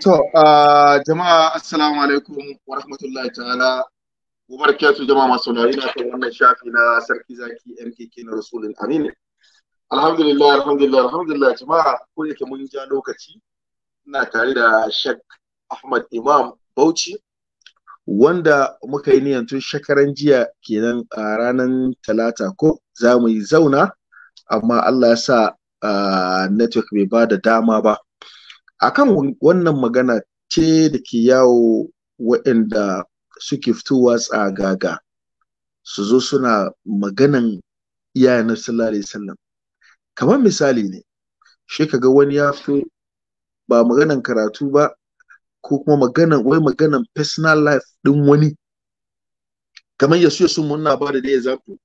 To, jama'a assalamu alaikum wa rahmatullahi ta'ala. Umar kyatu jama'a masu saurari na kan wannan shafi na sarki zaki MKK na Rasulun Amin. Alhamdulillah, alhamdulillah, alhamdulillah jama'a ko yake mun ja lokaci ina tare da Sheikh Ahmad Imam Bauchi wanda muka yi niyan tun shekaran jiya kenan a ranar talata ko za mu yi zauna amma Allah ya sa network bai ba da dama ba akan wannan magana ce da ke yawo waɗanda suke fitowa tsagaga su zo suna maganan iyaye na sallallahu alaihi wasallam kamar misali ne shi ga wani ya fito ba maganan karatu ba ko kuma maganan wai maganan personal life ɗin wani kamar ya su muna ba da dai example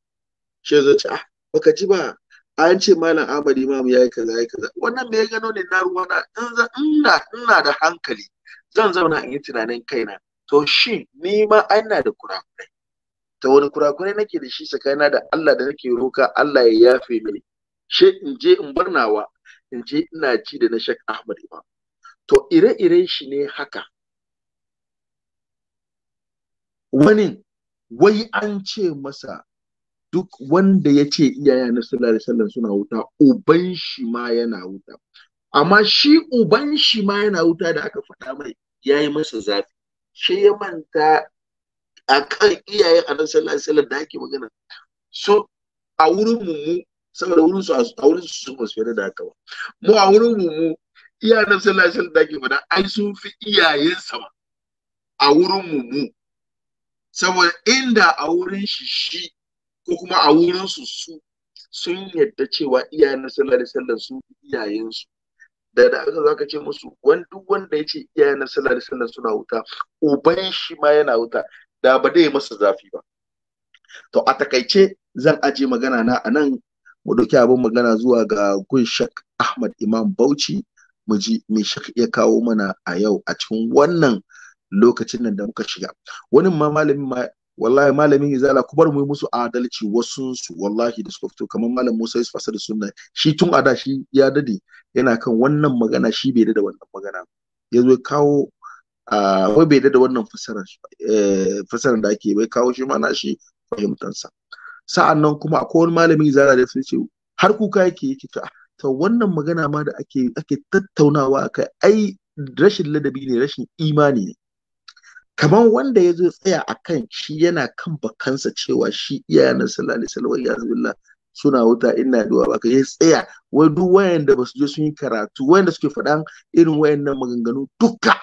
shi ya ce ah baka ji ba an ce malam Ahmad Imam yayi kaza yayi kaza wannan me ya gano ne na ruwa na ina ina da hankali zan zauna in yi tunanin kaina to shi ni ma ana da kurakurai ta wani kurakurai nake da shi tsakanina da Allah da nake roka Allah ya yafe mini she in je in barnawa in je ina ci da na Sheikh Ahmad Imam to ire-iren shi ne haka wani wai an ce masa duk wanda ya ce iyaya na sallallahu alaihi wasallam suna wuta uban shi ma yana wuta amma shi uban shi ma yana wuta da aka faɗa mai yayi masa zafi shi ya manta akan iyaye annabi sallallahu alaihi wasallam da ake magana so a wurin mu saboda wurin su a wurin su sun basu da haka ba mu a wurin mu mu iyayen na sallallahu alaihi da ake faɗa ai sun fi iyayensa ba a wurin mu mu saboda inda a wurin shi shi ko kuma a wurinsu su sun yadda cewa iyayen na sallah da sallah su iyayensu da da aka zaka ce musu wani wanda ya ce iyayen na sallah da sallah suna wuta uban shi ma yana wuta da ba dai masa zafi ba to a takaice zan aje magana na a nan mu ɗauki abin magana zuwa ga gun shak ahmad imam bauchi mu ji me shak ya kawo mana a yau a cikin wannan lokacin nan da muka shiga wani ma malamin ma wallahi malamin izala kuma bar mu musu adalci wasu su wallahi da suka fito kamar malam Musa Yusuf Asad sunna shi tun a da shi ya dade yana kan wannan magana shi bai da wannan magana ya zo kawo a wai bai da wannan fasarar eh, fasara da ake bai kawo shi mana shi fahimtansa sa'annan kuma akwai wani malamin izala da sun ce har kuka yake yake ta to wannan magana ma da ake ake tattaunawa akai ai rashin ladabi ne rashin imani ne Kaman wanda ya zo tsaya a kan shi yana kan bakansa cewa shi iyayen sallallahu alaihi wasallam ya zubillah suna wuta ina duwa baka ya tsaya wai duk wayanda basu je sun yi karatu wayanda suke faɗan irin wayannan maganganu duka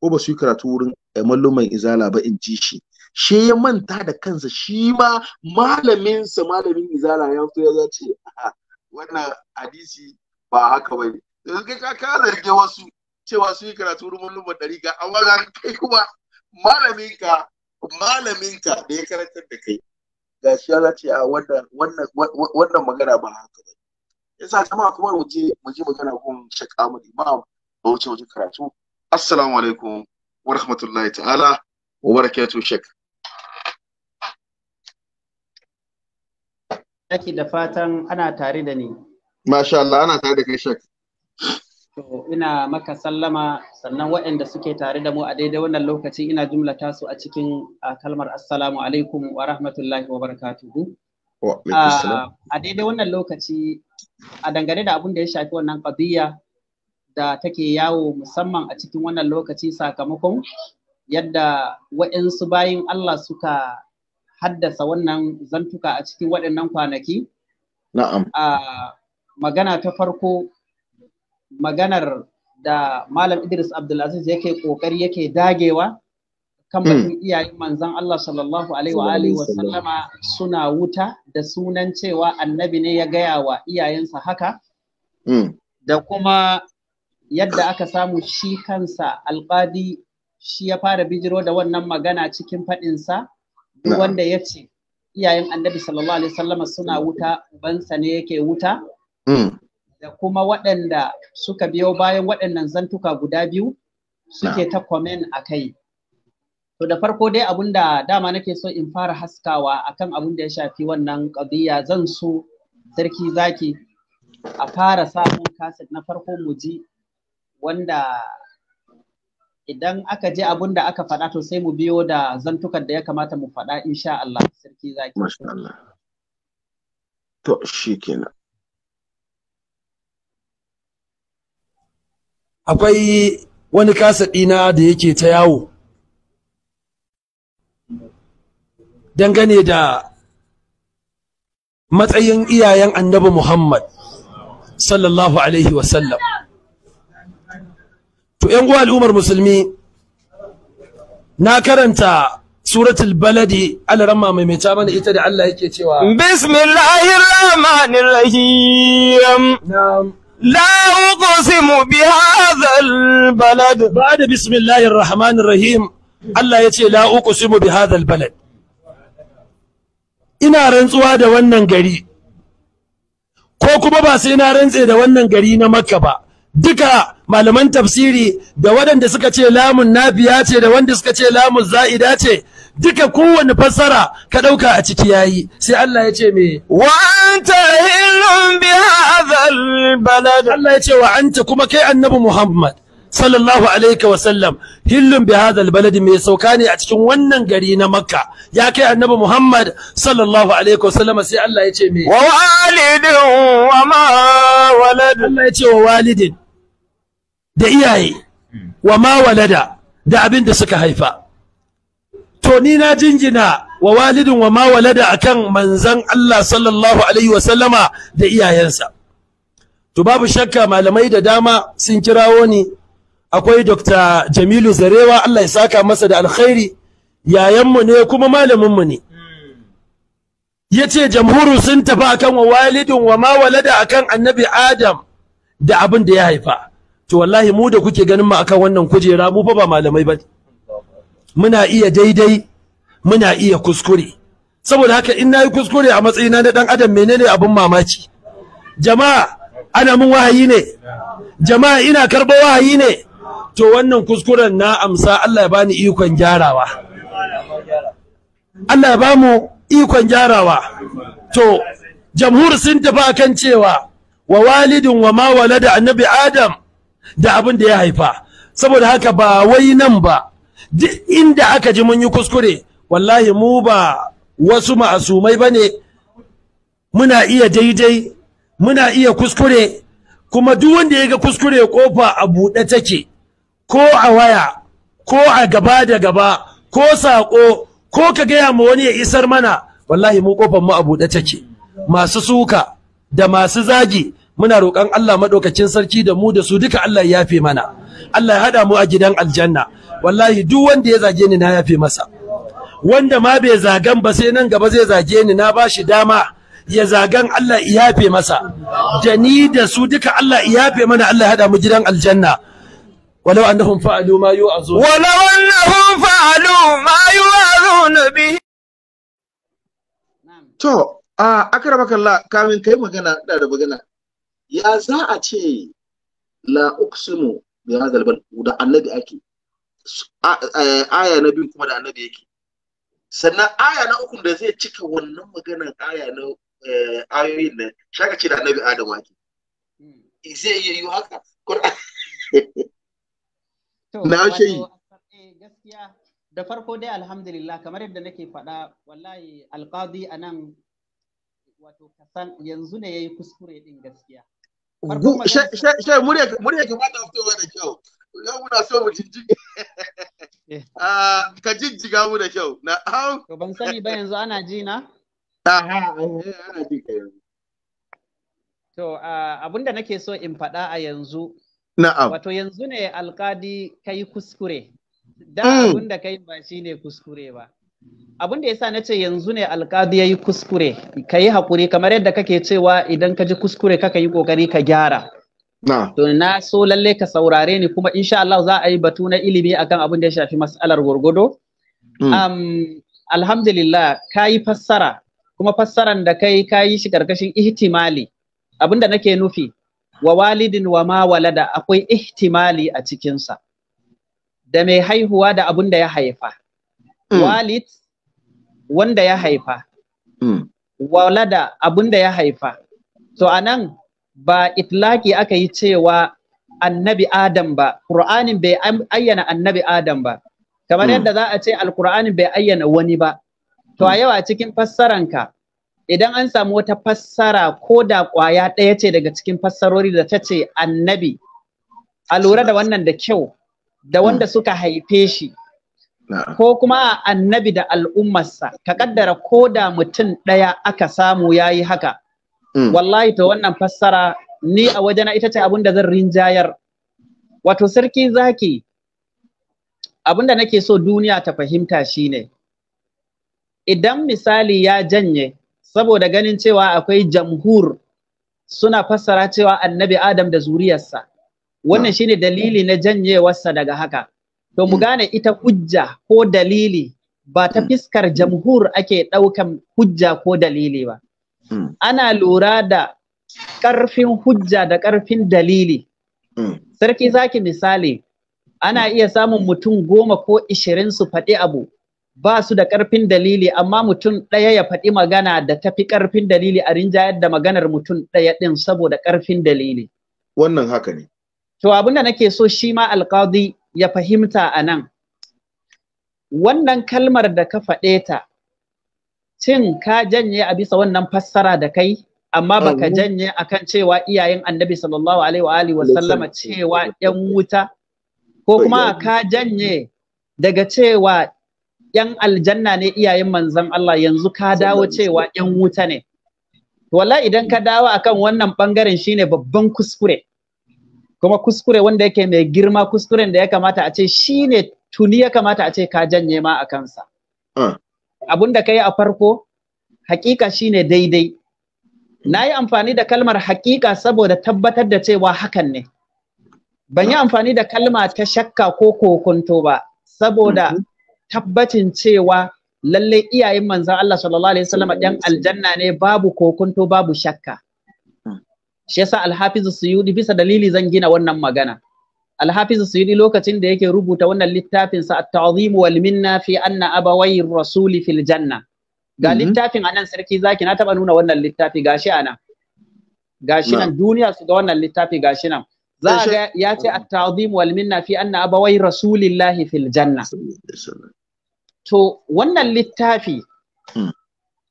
ko ba su yi karatu wurin eh, malluman izala ba in ji shi she ya manta da kansa shi ma malaminsa malamin izala ya fito ya ce wannan hadisi ba haka bane yanzu ka zargi wasu cewa su yi karatu wurin malluman ɗari amma ga kai kuma malaminka malaminka da ya karantar da kai ga shi ya ce a wannan magana ba haka ba yasa jama'a kuma mu je mu je magana kun shaka mu Imam da wuce wajen karatu assalamu alaikum wa rahmatullahi ta'ala wa barakatuh shek Nake da fatan ana tare da ni. Masha Allah ana tare da kai shek. To ina maka sallama sannan waɗanda suke tare da mu a daidai wannan lokaci ina jumlata su a cikin kalmar assalamu alaikum wa rahmatullahi wa barakatuhu. A daidai wannan lokaci a dangane da abin da ya shafi wannan ƙadiyya da take yawo musamman a cikin wannan lokaci sakamakon yadda waɗansu bayin Allah suka haddasa wannan zantuka a cikin waɗannan kwanaki? Na'am. A magana ta farko maganar da Malam Idris Abdulaziz yake kokari yake dagewa kan batun hmm. iyayen manzon Allah sallallahu alaihi wa alihi wa sallama suna wuta da sunan cewa annabi ne ya gaya wa iyayensa haka hmm. da kuma yadda aka samu shi kansa alqadi shi ya fara bijiro da wannan magana cikin sa duk wanda ya ce iyayen annabi sallallahu alaihi sallama suna wuta ubansa ne yake wuta hmm. da kuma waɗanda suka biyo bayan waɗannan zantuka guda biyu suke ta komen a kai. To da farko dai abun da dama nake so in fara haskawa akan abun da ya shafi wannan ƙabiya zan so sarki zaki a fara samun kaset na farko mu ji wanda idan aka je abun da aka faɗa to sai mu biyo da zantukan da ya kamata mu faɗa insha Allah sarki zaki. Masha Allah. To shi kenan. akwai wani kasaɗina da yake ta yawo dangane da matsayin iyayen annabi Muhammad sallallahu Alaihi wasallam. To, ‘yan al'ummar musulmi, na karanta suratul baladi alarama maimaita mana ita da Allah yake cewa. Bismillahirrahmanirrahim. لا أقسم بهذا البلد بعد بسم الله الرحمن الرحيم الله يتي لا أقسم بهذا البلد ina rantsuwa da wannan gari ko kuma ba sai na rantse da wannan gari na makka ba duka malaman tafsiri da waɗanda suka ce lamun nabiya ce da wanda suka ce lamun za'ida ce duka kowane fassara ka ɗauka a ciki yayi sai Allah ya ce me wa anta hillun bi hadhal balad Allah ya ce wa kai annabi Muhammad sallallahu mai sauka ne a cikin wannan gari na Makka ya kai annabi Muhammad sallallahu alaihi da iyaye walada da abin da suka haifa to ni na jinjina wa walidin wa ma walada akan manzan Allah sallallahu alaihi wasallama da iyayensa to babu shakka malamai da dama sun kirawo ni akwai Dr. Jamilu Zarewa Allah ya saka masa da alkhairi yayanmu ne kuma malamin mu ne yace jamhuru sun tafi akan wa walidin wa ma walada akan annabi Adam da abin da ya haifa to wallahi mu da kuke ganin mu akan wannan kujera mu fa ba malamai ba muna iya daidai muna iya kuskure saboda haka in nayi kuskure a matsayina na dan adam menene abin mamaki jama'a ana mun wahayi ne jama'a ina karɓar wahayi ne to wannan kuskuren na amsa Allah ya bani ikon gyarawa Allah ya bamu ikon gyarawa to jamhur sun tafi akan cewa wa walidin wa ma walada annabi adam da abin da ya haifa saboda haka ba wai nan ba duk inda aka ji mun yi kuskure wallahi mu ba wasu ma'asumai ba ne muna iya daidai muna iya kuskure kuma duk wanda ya ga kuskure kofa a buɗe take ko a waya ko a gaba da gaba ko saƙo ko ka gaya ma wani ya isar mana wallahi mu kofar mu a buɗe take masu suka da masu zagi muna roƙon Allah maɗaukacin sarki da mu da su duka Allah ya yafe mana Allah ya haɗa mu a gidan aljanna wallahi duk wanda ya zage ni na yafe masa wanda ma bai zagan ba sai nan gaba zai zage ni na ba shi dama ya zagan Allah iyafe masa da ni da su duka Allah iyafe mana Allah ya hada mu gidan aljanna ولو أنهم فعلوا ما يوعظون ولو أنهم فعلوا ما يوعظون به To, a akramaka Allah kamin kai magana da da magana. Ya za a ce la uqsimu bi hadha da annabi ake. Eh, aya na biyu kuma da annabi yake. sannan aya na uku da zai cika wannan maganar aya na eh, ayoyin nan shaka ce da annabi adam wake hmm. zai iya yi haka eh, na shi yi. da farko dai alhamdulillah kamar yadda nake faɗa wallahi a anan wato kasan yanzu ne ya yi kuskure din gaskiya Shai murya ka ka ba ta fitowa da kyau. ga muna so mu jijjiga ah, ka jijjiga mu da kyau na to ban sani ba yanzu ana ji na aha ah, eh, ana ji ka yanzu to ah, abinda nake so in faɗa a yanzu na'am wato yanzu ne alkadi yi kuskure hmm. da ka yi ba shine kuskure ba abin da yasa na ce yanzu ne alkadi ya yi kuskure ka yi haƙuri kamar yadda kake cewa idan ka ji kuskure ka yi ƙoƙari ka gyara To na so lalle ka saurare ni kuma insha Allah za a yi batu na ilimi akan abin da ya shafi mas'alar gwargwado. Um, alhamdulillah ka yi fassara kuma fassaran da kai ka yi shi karkashin ihtimali abin da nake nufi wa walidin wa ma walada akwai ihtimali a cikinsa da mai haihuwa da abin da ya haifa. Hmm. Walid wanda ya haifa. Hmm. Walada abin da ya haifa. To anan ba itlaki aka yi cewa annabi adam ba qur'anin bai ayyana annabi adam ba kamar hmm. yadda za a ce alqur'anin bai ayyana wani ba to a yawa cikin fassaranka idan an samu wata fassara ko da kwaya ɗaya ce daga cikin fassarori da ta ce annabi a lura da wannan da kyau da wanda hmm. suka haife shi ko kuma annabi da al'ummarsa ka ƙaddara ko da mutum ɗaya aka samu ya yi haka Mm. wallahi ta wannan fassara ni a wajena ita ce abin zan rinjayar wato sarki zaki abinda nake so duniya ta fahimta shine idan misali ya janye saboda ganin cewa akwai jamhur suna fassara cewa annabi adam da zuriyarsa wannan mm. shine dalili na janyewarsa daga haka to mu mm. gane ita hujja ko dalili ba ta fiskar jamhur ake ɗaukan hujja ko dalili ba Mm. ana lura da ƙarfin hujja da ƙarfin dalili mm. sarki zaki misali ana mm. iya samun mutum goma ko ishirin su faɗi abu ba su da ƙarfin dalili amma mutum ɗaya ya faɗi magana da tafi ƙarfin dalili a rinjayar da maganar mutum ɗaya ɗin saboda ƙarfin dalili. Wannan haka ne. To abin da nake so shi ma alƙadi ya fahimta a nan. Wannan kalmar da ka faɗe ta Cin ka janye a bisa wannan fassara da kai amma baka janye akan cewa iyayen annabi sallallahu alaihi wa alihi wasallama cewa yan wuta ko kuma ka janye daga cewa yan aljanna ne iyayen manzon Allah yanzu ka dawo cewa yan wuta ne wallahi idan ka dawo akan wannan bangaren shine babban kuskure kuma kuskure wanda yake mai girma kuskuren da ya kamata a ce shine tuni ya kamata a ce ka janye ma a kansa ah. abun da ka yi a farko hakika shine daidai na yi amfani da kalmar hakika saboda tabbatar da cewa hakan ne ban yi amfani da kalma ta shakka ko kokunto ba saboda mhm. tabbacin cewa lalle iyayen manzan Allah sallallahu alaihi wasallam dan aljanna ne babu kokunto babu shakka ah. shi yasa alhafizu suyudi bisa dalili zan gina wannan magana alhafiz suyudi lokacin da yake rubuta wannan mhm. littafin ga littafin anan sarki zaki na taba nuna wannan littafi gashi anan gashi duniya su ga wannan littafi gashi za a ga ya ce at-ta'zim wal minna fi anna abawai rasulillahi fil janna to wannan littafi hmm.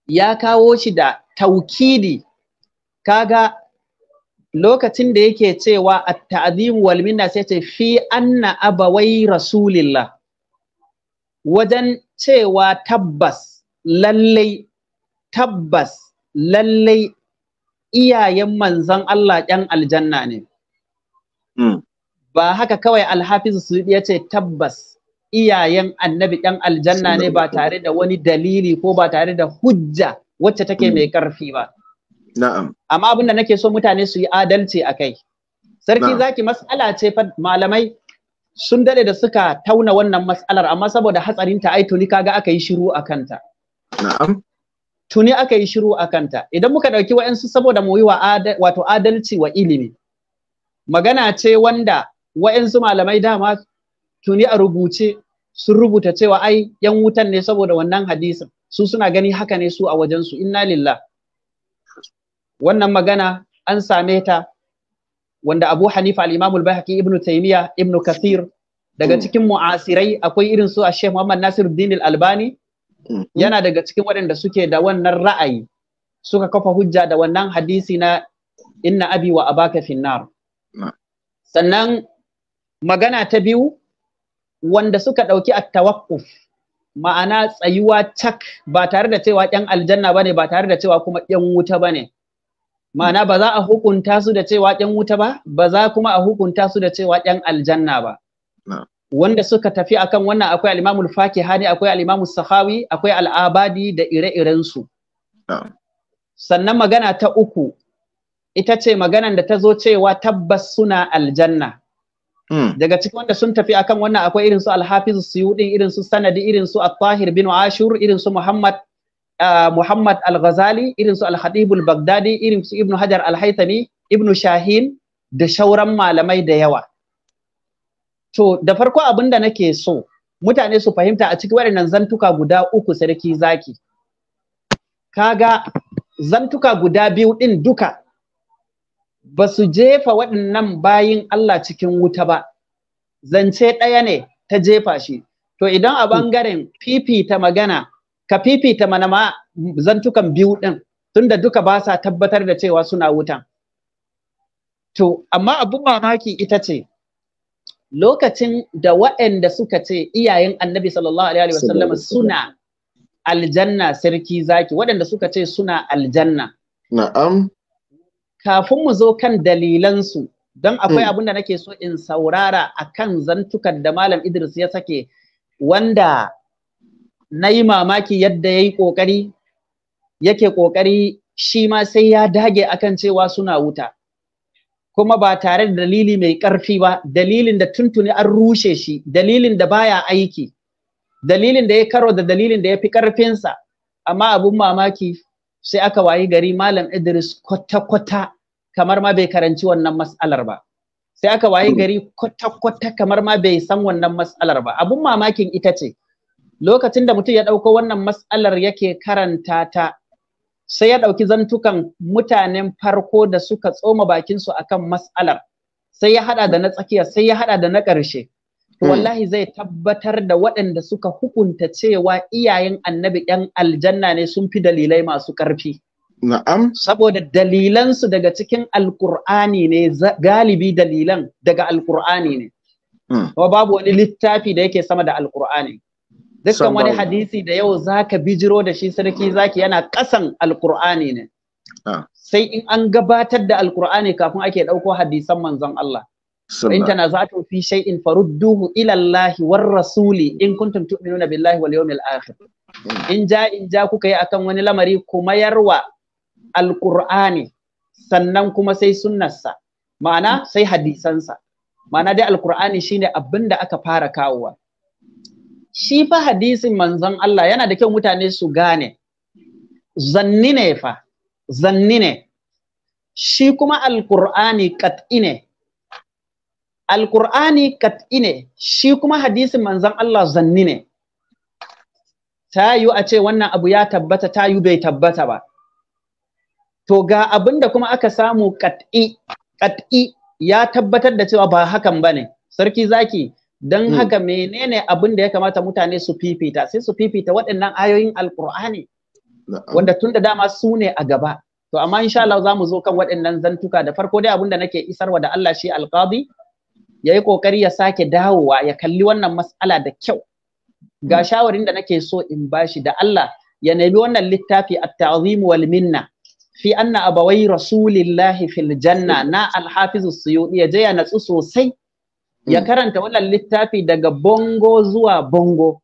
ya kawo shi da taukidi kaga lokacin da yake cewa at-ta'zim wal minna sai ce fi anna abawai rasulillah wajen cewa tabbas lallai tabbas lallai iyayen manzon Allah ɗan aljanna ne hmm. ba haka kawai alhafiz suyuɗi ya ce tabbas iyayen annabi ɗan aljanna ne ba tare da wani dalili ko ba tare da hujja wacce take mai hmm. ƙarfi ba Na'am. Amma abin da nake so mutane su yi adalci a kai. Sarki zaki mas'ala ce fa malamai sun dade da suka tauna wannan mas'alar amma saboda hatsarin ta ai tuni kaga aka yi shiru a kanta. Na'am. Tuni aka yi shiru a kanta. Idan muka dauki wa'ansu saboda mu yi wa wato adalci wa ilimi. Magana ce wanda wa'ansu malamai dama tuni a rubuce sun rubuta cewa ai yan wutan ne saboda wannan hadisin. Su suna gani haka ne su a wajensu inna lillah. wannan magana an same ta wanda Abu Hanifa al-Imam al-Bahaqi Ibn Taymiyyah Ibn Kathir daga hmm. cikin mu'asirai akwai irin su a Sheikh Muhammad Nasiruddin al-Albani hmm. yana daga cikin waɗanda suke da wannan ra'ayi suka kafa hujja da wannan hadisi na inna abi wa abaka finnar sannan magana ta biyu wanda suka ɗauki a tawaqquf ma'ana tsayuwa cak ba tare da cewa ƴan aljanna ne ba tare da cewa kuma ƴan wuta bane ma'ana ba za a hukunta su da cewa ƴan wuta ba ba za kuma a hukunta su da cewa ƴan aljanna ba wanda suka tafi akan wannan akwai al-Imamul Fakihani akwai al-Imam sahawi akwai al-Abadi da ire-iren su sannan magana ta uku ita ce maganan da ta zo cewa tabbas suna aljanna hmm. daga cikin wanda sun tafi akan wannan akwai irin su Al-Hafiz Suyuti irin su Sanadi irin su At-Tahir bin Ashur irin su Muhammad Ah, Muhammad Al-Ghazali irin su Al-Hadib Al-Baghdadi irin su Ibn Hajar al haitami Ibn Shahin da shauran malamai da yawa to da farko abin da nake so mutane su fahimta a cikin waɗannan zantuka guda uku sarki zaki kaga zantuka guda biyu ɗin duka ba su jefa waɗannan bayin Allah cikin wuta ba zance ɗaya ne ta jefa shi to idan a ɓangaren fifita magana ka fifita mana ma zantukan biyu ɗin, tunda duka ba sa tabbatar da cewa suna wutan to amma abun mamaki ita ce lokacin da waɗanda suka ce iyayen annabi sallallahu alaihi wasallam suna aljanna sarki zaki waɗanda suka ce suna aljanna na'am kafin mu zo kan dalilansu don akwai hmm. abin da nake so in saurara a kan zantukan da Malam Idris ya sake wanda na yi mamaki yadda ya yi ƙoƙari yake ƙoƙari shi ma sai ya dage akan cewa suna wuta kuma ba tare da dalili mai ƙarfi ba dalilin da tuntuni an rushe shi dalilin da baya aiki dalilin da ya karo da dalilin da ya fi ƙarfinsa amma abun mamaki sai aka wayi gari malam idris kwata-kwata kamar ma bai karanci wannan mas'alar ba sai aka wayi gari kwata-kwata kamar ma bai san wannan mas'alar ba abun mamakin ita ce lokacin da mutum ya ɗauko wannan matsalar yake karanta ta sai ya ɗauki zantukan mutanen farko da suka tsoma bakinsu a kan matsalar sai ya haɗa da na tsakiya sai ya haɗa da na ƙarshe hmm. wallahi zai tabbatar da waɗanda suka hukunta cewa iyayen annabi ɗan aljanna ne sun fi dalilai masu ƙarfi. Na'am. Saboda dalilansu daga cikin Alƙur'ani ne galibi dalilan daga Alƙur'ani ne. Hmm. babu wani littafi da yake sama da Alƙur'ani. dukkan wani hadisi da yau zaka bijiro da shi sarki zaki yana kasan alkur'ani ne ah. sai in an gabatar da alkur'ani kafin ake dauko hadisan manzon Allah in tana za ta fi shay'in farudduhu ila Allah war rasuli in kuntum tu'minuna billahi wal yawmil akhir hmm. in ja in ja kuka yi akan wani lamari kuma yarwa alkur'ani sannan kuma sai sunnarsa ma'ana sai hadisansa ma'ana dai alkur'ani shine abin da aka fara kawowa shi fa hadisin manzon Allah yana da kyau mutane su gane zanni ne fa zanni ne shi kuma alkur'ani kat'i ne alkur'ani kat'i ne shi kuma hadisin manzon Allah zanni ne ta yiwu a ce wannan abu ya tabbata ta yiwu bai tabbata ba to ga abin da kuma aka samu kat'i kat'i ya tabbatar da cewa ba hakan ba ne sarki zaki don hmm. haka menene abin da ya kamata mutane su fifita sai su fifita waɗannan ayoyin alkur'ani wanda tun da dama su ne a gaba to amma insha Allah za mu zo kan waɗannan zantuka da farko dai abin da nake isarwa da Allah shi alqadi ya yi kokari ya sake dawowa ya kalli wannan mas'ala da kyau ga hmm. shawarin da nake so in bashi da Allah ya nemi wannan littafi at-ta'zim wal minna fi anna abawai rasulillahi fil janna na al-hafiz as-suyuti ya je ya natsu sosai ya hmm. karanta wannan littafi daga bongo zuwa bongo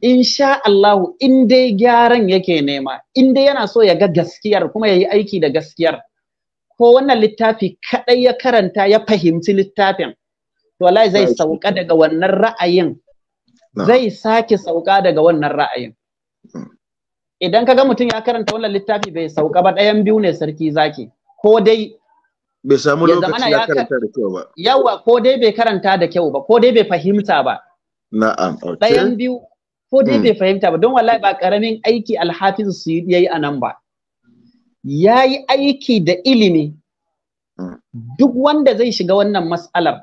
insha Allahu in dai gyaran yake nema in dai yana so ya ga gaskiyar kuma ya yi aiki da gaskiyar ko wannan littafi kadai ya karanta ya fahimci littafin to wallahi zai sauka daga wannan ra'ayin zai sake sauka daga wannan ra'ayin idan ka ga mutum ya karanta wannan littafi bai sauka ba ɗayan biyu ne sarki zaki ko dai bai samu lokaci ya karanta da kyau ba yawa ko dai bai karanta da kyau ba ko dai bai fahimta ba na'am okay ɗayan biyu ko dai hmm. bai fahimta ba don wallahi ba karamin aiki alhafiz su yayi a nan ba yayi aiki da ilimi hmm. duk wanda zai shiga wannan mas'alar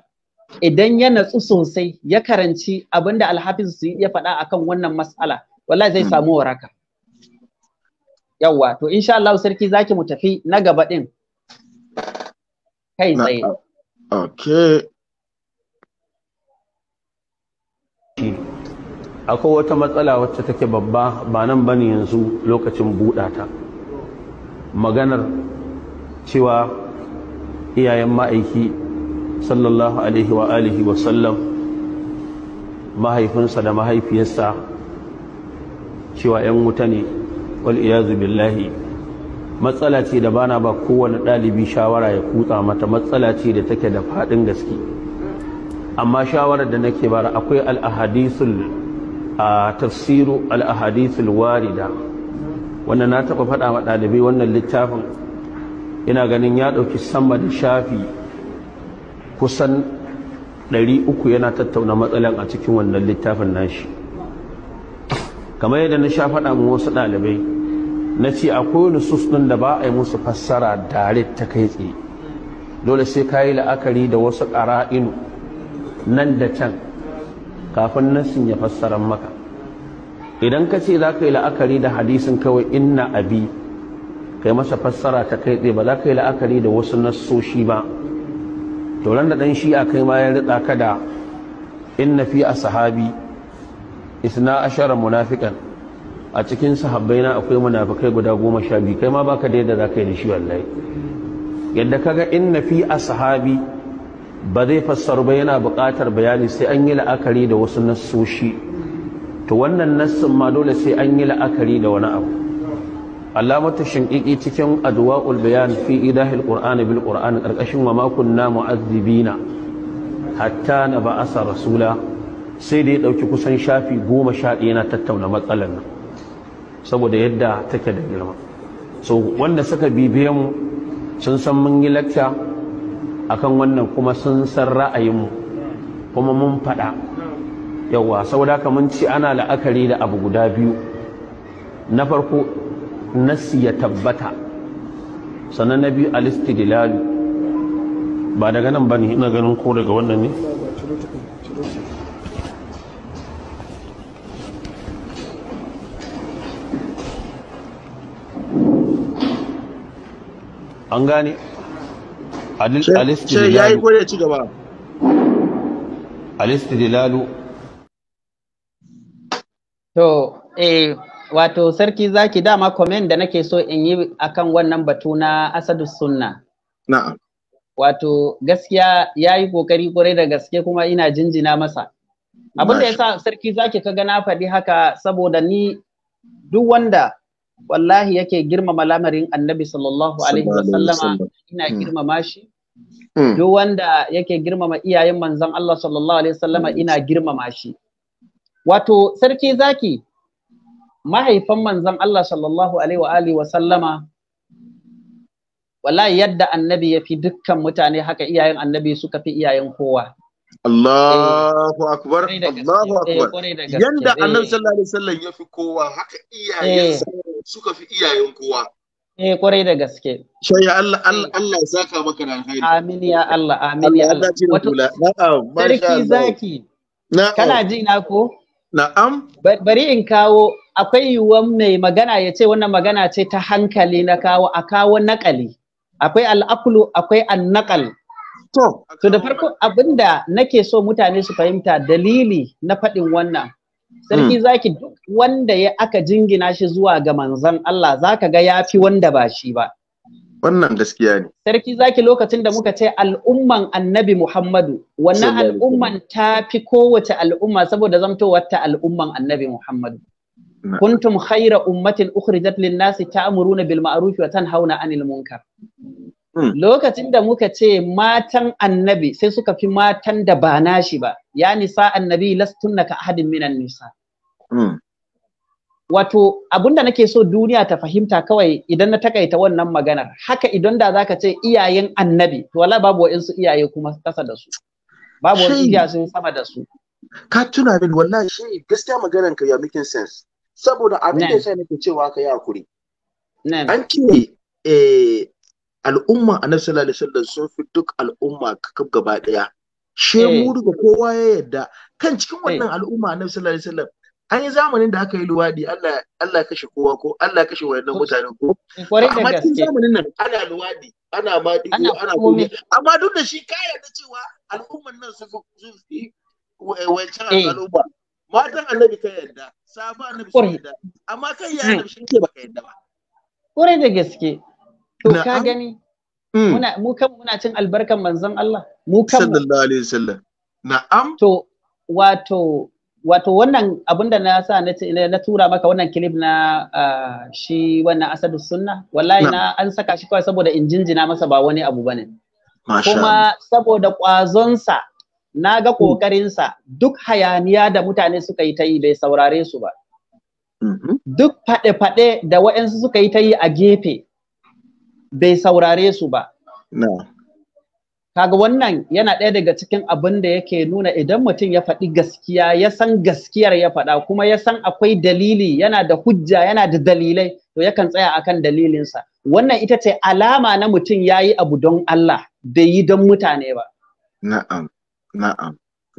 idan ya natsu sosai ya karanci abinda alhafiz su ya faɗa akan wannan mas'ala wallahi zai hmm. samu waraka yawwa to insha Allah sarki zaki mu tafi na gaba ɗin. kai okay akwai wata matsala wacce take babba ba nan ne yanzu lokacin buɗata maganar cewa iyayen ma'aiki sallallahu alaihi wa alihi wa sallam mahaifinsa da mahaifiyarsa cewa 'yan wuta ne wal iyazu billahi matsala ce da bana ba kowane ɗalibi shawara ya kutsa mata matsala ce da take da faɗin gaske amma shawarar da nake bara akwai al'ahadisul a tafsiru al'ahadisul warida wannan na taɓa faɗa ma ɗalibai wannan littafin ina ganin ya ɗauki sama da shafi kusan 300 yana tattauna matsalan a cikin wannan littafin nashi kamar yadda na sha faɗa mu wasu ɗalibai na ce akwai nusus ɗin da ba a yi musu fassara dare ta kai tsaye dole sai ka yi la'akari da wasu ƙara'inu nan da can kafin nasin ya fassara maka idan ka ce za ka yi la'akari da hadisin kawai inna abi kai masa fassara ta kai tsaye ba za ka yi la'akari da wasu nasoshi ba to da ɗan shi a kai ma ya riɗa ka da inna fi a sahabi isna ashara munafikan a cikin sahabbai na akwai munafikai guda goma sha biyu kai ma baka da yadda za ka yi da shi wallahi yadda kaga na fi ashabi ba zai fassaru ba yana buƙatar bayani sai an yi la'akari da wasu nassoshi to wannan nassin ma dole sai an yi la'akari da wani abu alamata shinkiki cikin adwa'ul bayan fi idahil qur'ani bil qur'ani karkashin wa ma kunna mu'azzibina hatta na ba'asa rasula sai da ya ɗauki kusan shafi goma sha ɗaya na tattauna matsalar nan saboda yadda take da girma so wanda suka bibiye mu sun san mun yi lakta akan wannan kuma sun san ra'ayinmu kuma mun faɗa yawa saboda ka mun ci ana la'akari da abu guda biyu na farko nasi ya tabbata sannan na biyu alistidlalu ba daga nan bane ina ganin ko daga wannan ne an gane alistidilalu to eh wato sarki zaki dama comment da nake so in yi akan wannan batu na asadu sunna na'am wato gaskiya ya yi kokari kwarai da gaske kuma ina jinjina masa abinda da ya sa sarki zaki ka gana faɗi haka saboda ni duk wanda wallahi yake girmama lamarin annabi sallallahu alaihi wasallama ina hmm. girmama shi hmm. duk wanda yake girmama iyayen manzon Allah sallallahu alaihi wasallama hmm. ina girmama shi wato sarki zaki mahaifan manzon Allah sallallahu alaihi wa alihi wasallama wallahi yadda annabi ya fi dukkan mutane haka iyayen annabi suka fi iyayen kowa Allahu akbar eh, Allahu akbar eh, yanda annabi eh. sallallahu alaihi wasallam ya fi kowa haka iyayensa suka fi iyayen kowa eh kwarai da gaske shayya Allah Allah Allah ya saka maka da alheri. amin ya Allah amin ya Allah wato sarki zaki kana ji na ko na'am bari in kawo akwai yiwuwan mai magana ya ce wannan magana ce ta hankali na kawo a kawo nakali akwai al'akulu akwai annakal to da farko abinda nake so mutane su fahimta dalili na faɗin wannan sarki hmm. zaki duk wanda ya aka jingina shi zuwa ga manzon Allah zaka ga yafi wanda ba shi ba wannan gaskiya ne sarki zaki lokacin da muka ce al'umman annabi Muhammadu wannan al'umman ta fi kowace al'umma saboda zamtowar ta al'umman annabi Muhammadu kuntum khaira ummatin ukhrijat lin-nasi ta'muruna bil ma'ruf wa tanhauna 'anil munkar Hmm. lokacin da muka ce matan annabi sai suka fi matan da ba nashi ba ya nisa annabi lastunna ka ahadin minan nisa hmm. wato abinda nake so duniya ta fahimta kawai idan na takaita wannan maganar haka idan da zaka ce iyayen annabi to wala babu wa'insu iyaye kuma kasa da su babu wani iyaye sun sama da su ka tuna min wallahi shi gaskiya maganar ka ya making sense saboda abin da sai nake cewa ka yi hakuri an kine eh al'umma a sallallahu alaihi sallar sun fi duk al'umma kakab gaba ɗaya. she eh. mu daga kowa ya yadda kan cikin eh. wannan al'umma a sallallahu alaihi sallar, an yi zamanin da aka yi luwadi Allah Allah kashe kowa ko Allah ya kashe wayannan mutane ko amma cikin zamanin nan ana luwadi ana ma ana komai amma duk da shi ka yarda cewa al'umman nan sun fi wancan eh. al'umma matan annabi ka yarda safa annabi sun yarda amma kan yaran shi ke baka yarda ba ƙwarai da gaske to ka gani mm. muna mu kan muna cin albarkan manzon Allah mu kan sallallahu alaihi wasallam na'am to wato wato wannan abin da na sa na tura maka wannan clip na ah, shi wannan asadu sunna wallahi na an saka shi kawai saboda in jinjina masa ba wani abu bane kuma saboda sa na ga kokarinsa mm. duk hayaniya da mutane suka yi ta yi bai saurare su ba mm-hmm. duk faɗe-faɗe da waɗansu suka yi ta yi a gefe bai saurare su ba no. kaga wannan yana ɗaya daga cikin abin da yake nuna idan mutum ya faɗi gaskiya ya san gaskiyar ya faɗa kuma ya san akwai dalili yana da hujja yana da dalilai to yakan tsaya akan dalilinsa wannan ita ce alama na mutum ya yi abu don Allah bai yi don mutane ba na'am na'am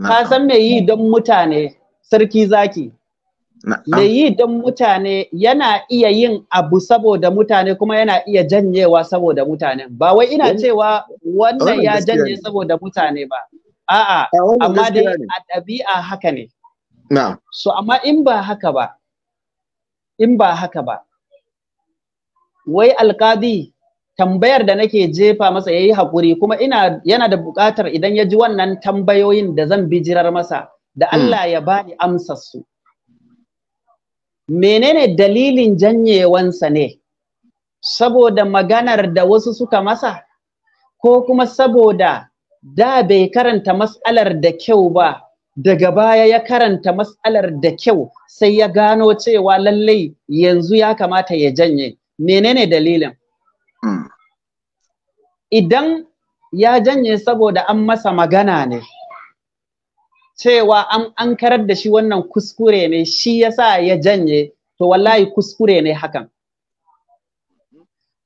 ka san mai yi don mutane sarki zaki Me yi don mutane yana iya yin abu saboda mutane kuma yana iya janyewa saboda mutane. Ba wai ina cewa wannan ya janye saboda mutane ba. A'a, amma dai a ɗabi'a haka ne. So, amma in ba haka ba, in ba haka ba, wai alkadi tambayar da nake jefa masa ya yi haƙuri kuma ina yana da buƙatar idan ya ji wannan tambayoyin da zan bijirar masa da hmm. Allah ya bani amsar su. menene dalilin janyewansa ne saboda maganar da wasu suka masa ko kuma saboda da bai karanta mas'alar da kyau ba daga baya ya karanta mas'alar da kyau sai ya gano cewa lallai yanzu ya kamata ya janye menene dalilin hmm. idan ya janye saboda an masa magana ne cewa an ankarar da shi wannan kuskure ne shi yasa ya janye to wallahi kuskure ne hakan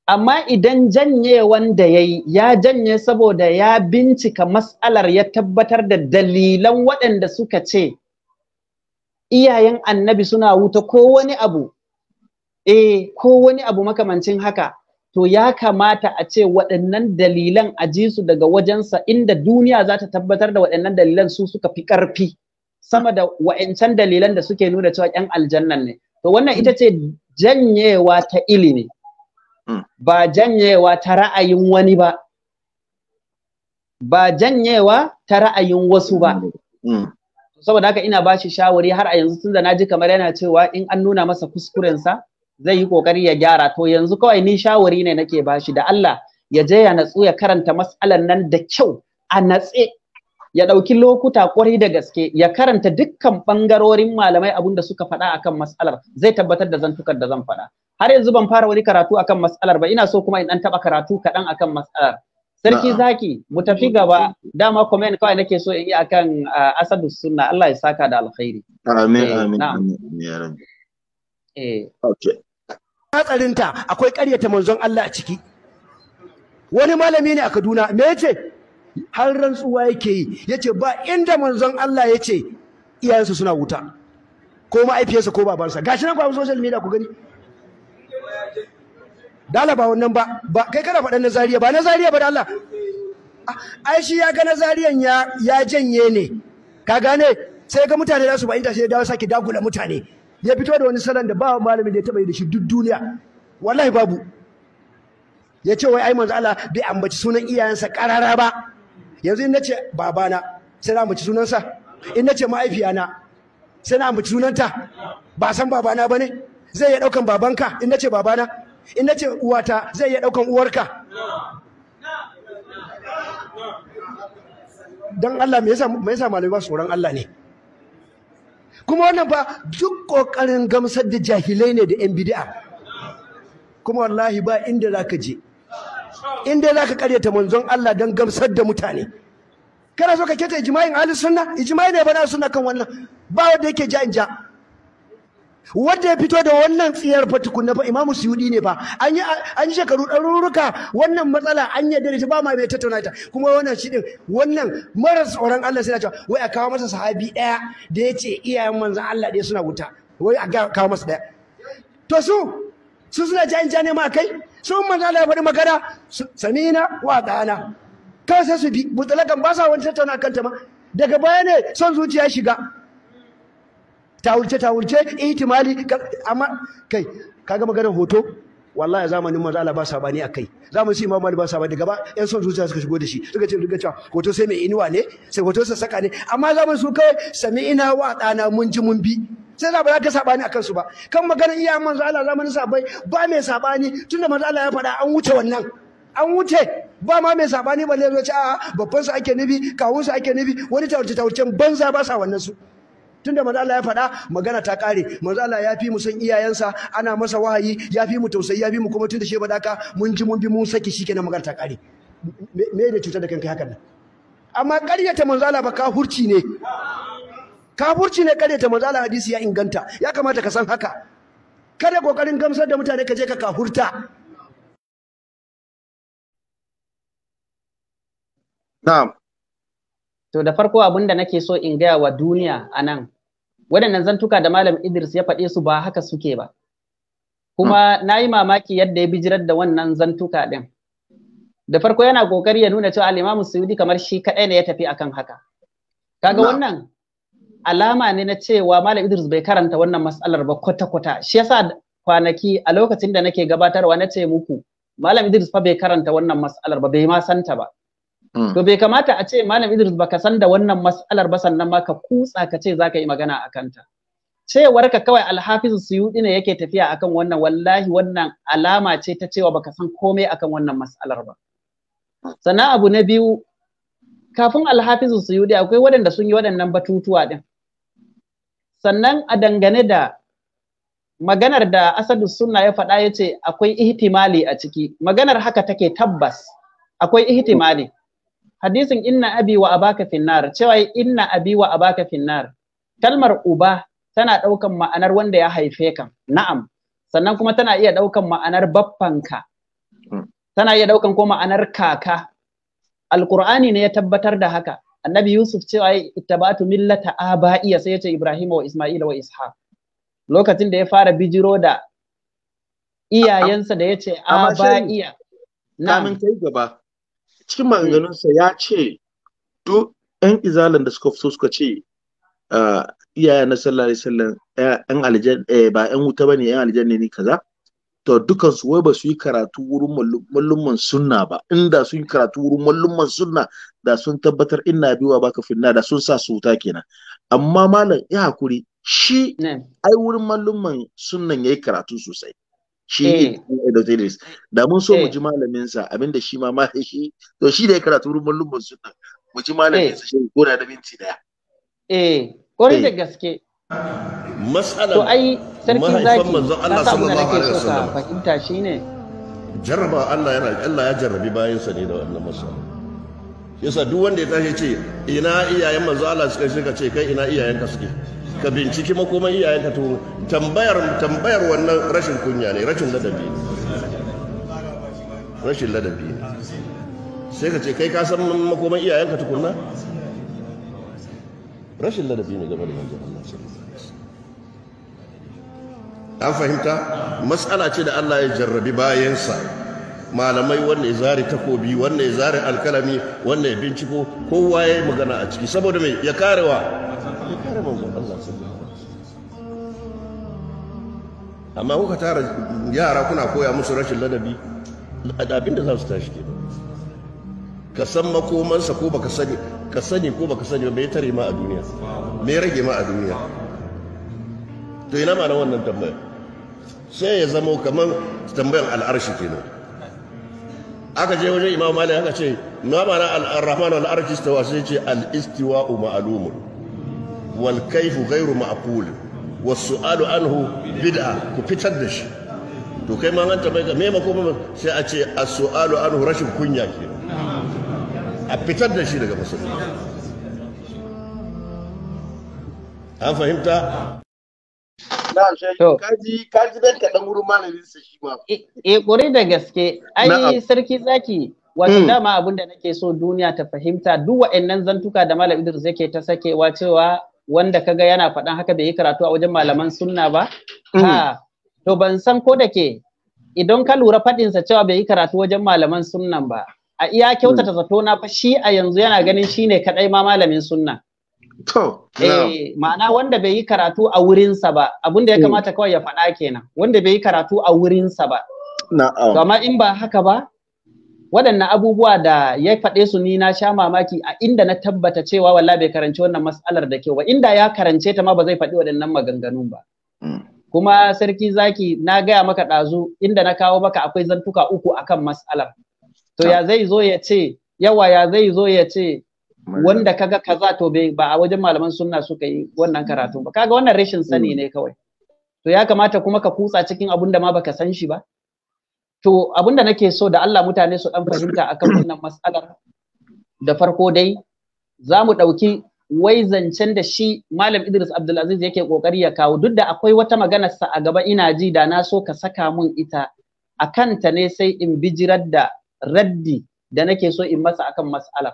amma idan janye wanda ya yi ya janye saboda ya bincika mas'alar ya tabbatar da dalilan waɗanda suka ce iyayen annabi suna wuta ko wani abu eh ko wani abu makamancin haka to ya kamata a ce waɗannan dalilan a ji su daga wajensa inda duniya za ta tabbatar da waɗannan dalilan su suka fi ƙarfi sama da wa'ancan dalilan da suke nuna cewa ƴan aljannan ne to wannan ita ce janyewa ta ilimi hmm. ba janyewa ta ra'ayin wani ba ba janyewa ta ra'ayin wasu ba hmm. saboda haka ina bashi shawari har a yanzu tunda na ji kamar yana cewa in an nuna masa kuskurensa zai yi kokari ya gyara to yanzu kawai ni shawari ne nake bashi da Allah ya je ya natsu ya karanta mas'alan nan da kyau a natse ya ɗauki lokuta kwarai da gaske ya karanta dukkan ɓangarorin malamai abin da suka faɗa akan mas'alar zai tabbatar da zantukar da zan faɗa har yanzu ban fara wani karatu akan mas'alar ba ina so kuma in ɗan taɓa karatu kaɗan akan mas'alar sarki zaki mu tafi gaba dama comment kawai nake so in yi akan ah, asadu sunna Allah ya saka da alkhairi amin eh, amin amin ya rabbi eh okay hatsarinta akwai ƙaryata manzon Allah a ciki wani malami ne a Kaduna me yace har rantsuwa yake yi yace ba inda manzon Allah yace iyayensa suna wuta ko ma'aifiyarsa ko babansa gashi nan ku social media ku gani dala ba wannan ba ba kai kana faɗan nazariya ba nazariya ba da Allah ai shi ya ga nazariyan ya ya janye ne ka gane sai ga mutane da su ba inda sai dawo sake dagula mutane ya fito da wani salon da ba malamin da ya taba yi da shi duk duniya wallahi babu ya ce wai ai manzo Allah bai ambaci sunan iyayensa karara ba yanzu in nace babana sai na ambaci sunansa in nace mahaifiyana sai na ambaci sunanta ba san babana bane zai iya daukan babanka in nace babana in nace uwata zai iya daukan uwarka dan Allah me yasa me yasa malamai ba tsoron Allah ne kuma wannan fa duk kokarin gamsar da jahilai ne da yan bid'a kuma wallahi ba inda zaka je inda zaka karyata manzon Allah dan gamsar da mutane kana so ka keta ijma'in ahlus sunna ijma'i ne ba na sunna kan wannan ba wanda yake ja in ja wanda ya fito da wannan tsiyar fa tukunna fa imamu suyudi ne fa an yi an yi shekaru ɗaruruka wannan matsala an yarda da shi ba ma bai tattauna ta kuma wannan shi din wannan mara tsoron Allah sai ya ce wai a kawo masa sahabi ɗaya da ya ce iyayen manzon Allah ɗaya suna wuta wai a kawo masa ɗaya to su su suna jayin ja ne ma kai su manzon Allah ya faɗi magana samina wa dana kawai sai su bi mutalakan ba sa wani tattauna kanta ma daga baya ne son zuciya shiga tawulce tawulce itimali, amma kai kaga maganar hoto wallahi zamanin manzo Allah ba sabani akai zamanin su Imam Malik ba sabani gaba yan son zuciya suka shigo da shi suka ce duka cewa hoto sai mai inuwa ne sai hoto sai saka ne amma zamanin su kai sami ina wa dana mun ji mun bi sai za ba za ka sabani akan su ba kan maganar iya manzo Allah zamanin sabai ba mai sabani tunda manzo Allah ya faɗa an wuce wannan an wuce ba ma mai sabani balle zai ce a babban su ake nufi kawun su ake nufi wani tawurce tawurcen banza ba sa wannan su tunda manzo Allah ya faɗa magana ta ƙare manzo Allah ya fi mu san iyayensa ana masa wahayi ya fi mu tausayi ya fi mu kuma tunda shi ba daka mun ji mun bi mun saki shikenan magana ta ƙare me da cutar da kanka hakan nan amma ƙaryata manzo Allah ba hurci ne Ka hurci ne ƙaryata manzo Allah hadisi ya inganta ya kamata ka san haka kada kokarin gamsar da mutane ka je ka kafurta na'am To da farko abin da nake so in gaya wa duniya a nan, waɗannan zantuka da Malam Idris ya faɗe su ba haka suke ba. Kuma hmm. na yi mamaki yadda ya bijirar da wannan zantuka ɗin. Da farko yana ƙoƙari ya nuna cewa Alimamu Suyudi kamar shi kaɗai ne ya tafi akan haka. Kaga wannan alama ne na cewa Malam Idris bai karanta wannan mas'alar ba kwata-kwata. Shi yasa kwanaki a lokacin da nake gabatarwa na ce muku Malam Idris fa bai karanta wannan matsalar ba bai ma santa ba. Mm. To bai kamata a ce Malam Idris baka san da wannan mas'alar ba sannan ma ka kutsa ka ce zaka yi magana a kanta. Cewar ka kawai Alhafizu Suyudi ne yake tafiya akan wannan wallahi wannan alama ce ta cewa baka san komai akan wannan mas'alar ba. Sannan abu na biyu kafin Alhafizu Suyudi akwai waɗanda sun yi waɗannan batutuwa din. Sannan a dangane da maganar da Asadu Sunna ya faɗa ya ce akwai ihtimali a ciki maganar haka take tabbas akwai ihtimali. hadisin inna abi wa abaka finnar cewa inna abi wa abaka finnar kalmar uba tana ɗaukan ma'anar wanda ya haife ka na'am sannan kuma tana iya ɗaukan ma'anar baffanka hmm. tana iya ɗaukan ko ma'anar kaka alqur'ani ne ya tabbatar da haka annabi yusuf cewa ittabatu millata aba'iya sai yace ibrahima wa isma'ila wa ishaq lokacin da ya fara bijiro da iyayensa da yace aba'iya kamin kai gaba cikin maganganunsa ya ce duk yan izalan da suka fito suka ce ah, iyayen na sallallahu alaihi wasallam yan aljan eh, ba yan wuta bane yan aljanna ne kaza to dukansu su wai ba su yi karatu wurin mallumman sunna ba inda sun yi karatu wurin mallumman sunna da sun tabbatar ina biwa baka finna da sun sa su wuta kenan amma malam ya hakuri shi ai wurin mallumman sunnan yayi karatu sosai shi Edoteles eh. da mun so mu eh. ji malamin sa abinda shi ma ma shi to shi da ya karatu wurin mallum'in sunna mu ji malamin sa eh. shi ko da minti daya eh kore da gaske mas'ala to ai sarkin zaki manzon Allah sallallahu alaihi wasallam fahimta shine jarraba Allah yana Allah ya jarrabi sa ne da wannan mas'ala yasa duk wanda ya tashi ce ina iyayen manzo Allah suka ce kai ina iyayen ka suke ka binciki makoma iyayenka to tambayar tambayar wannan rashin kunya ne rashin ladabi ne rashin ladabi ne sai ka ce kai ka san makoman iyayenka tukunna rashin ladabi ne game da manzon Allah an fahimta matsala ce da Allah ya jarrabi bayansa malamai wanda ya zari takobi wanda ya zari alkalami wanda ya binciko kowa ya yi magana a ciki saboda mai ya karewa kare manzon Allah sallallahu alaihi wasallam amma kuka tara yara kuna koya musu rashin ladabi adabin da za su tashi kenan ka san makomansa ko baka sani ka sani ko baka sani ba ya tare ma a duniya me rage ma a duniya to ina ma wannan tambayar sai ya zamo kamar tambayar al'arshi kenan aka je wajen imam malik aka ce na ma na al-rahman al-arshi sai ce al-istiwa'u ma'lumun wal kaifu ghairu ma'qul was su'alu anhu bid'a ku fitar da shi to kai ma an tambaye ka me makoma sai a ce as su'alu anhu rashin kunya ke a fitar da shi daga musulmi an fahimta na'am shehu kaji kaji dan wurin malamin sa shi ma kore eh, eh, da gaske ai sarki zaki wato hmm. dama abin da nake so duniya ta fahimta duk wa'annan zantuka da malam Idris yake ta sakewa cewa wanda kaga yana faɗan haka bai yi karatu a wajen malaman sunna ba mm. ha to ban san ko da ke idan ka lura faɗinsa cewa bai yi karatu wajen malaman sunnan ba a iya kyautata mm. zato na fa shi a yanzu yana ganin shi ne kadai ma malamin sunna To, eh, ma'ana wanda bai yi karatu a wurinsa ba, abin ya mm. kamata kawai ya faɗa kenan, wanda bai yi karatu a wurinsa ba. Na'am. Amma in ba haka ba, waɗannan abubuwa da ya faɗe su ni na sha mamaki a inda na tabbata cewa walla bai karanci wannan mas'alar da kyau ba inda ya karance ta ma ba zai faɗi waɗannan maganganun ba mm. kuma sarki zaki na gaya maka ɗazu inda na kawo maka akwai zantuka uku akan mas'alar to ya zai zo ya ce yawa ya zai zo ya ce wanda kaga kaza to bai ba a wajen malaman sunna suka yi wannan karatu ba kaga wannan rashin sani mm. ne kawai to ya kamata kuma ka kutsa cikin abun da ma baka san shi ba to abinda nake so da Allah mutane su dan fahimta akan wannan mas'alar da farko dai za mu ɗauki wai zancen da shi Malam Idris Abdulaziz yake ƙoƙari ya kawo duk da akwai wata maganarsa a gaba ina ji da na so ka saka mun ita a kanta ne sai in bijirar da raddi da nake so in masa akan mas'alar.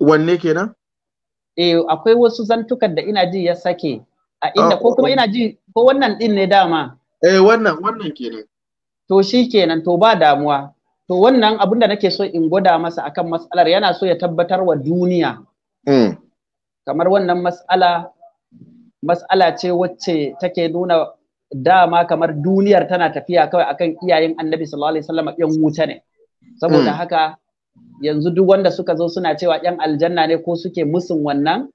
Wanne kenan? Eh akwai wasu zantukan da ina ji ya sake a inda ah, ko kuma ina ji ko wannan din ne dama. Eh wannan wannan kenan. to shi kenan to ba damuwa to wannan abin da nake so in gwada masa akan matsalar yana so ya tabbatar wa duniya mm. kamar wannan mas'ala matsala ce wacce take nuna dama kamar duniyar tana tafiya kawai akan iyayen annabi sallallahu alaihi wasallam yan wuta ne saboda mm. haka yanzu duk wanda suka zo suna cewa yan aljanna ne ko suke musun wannan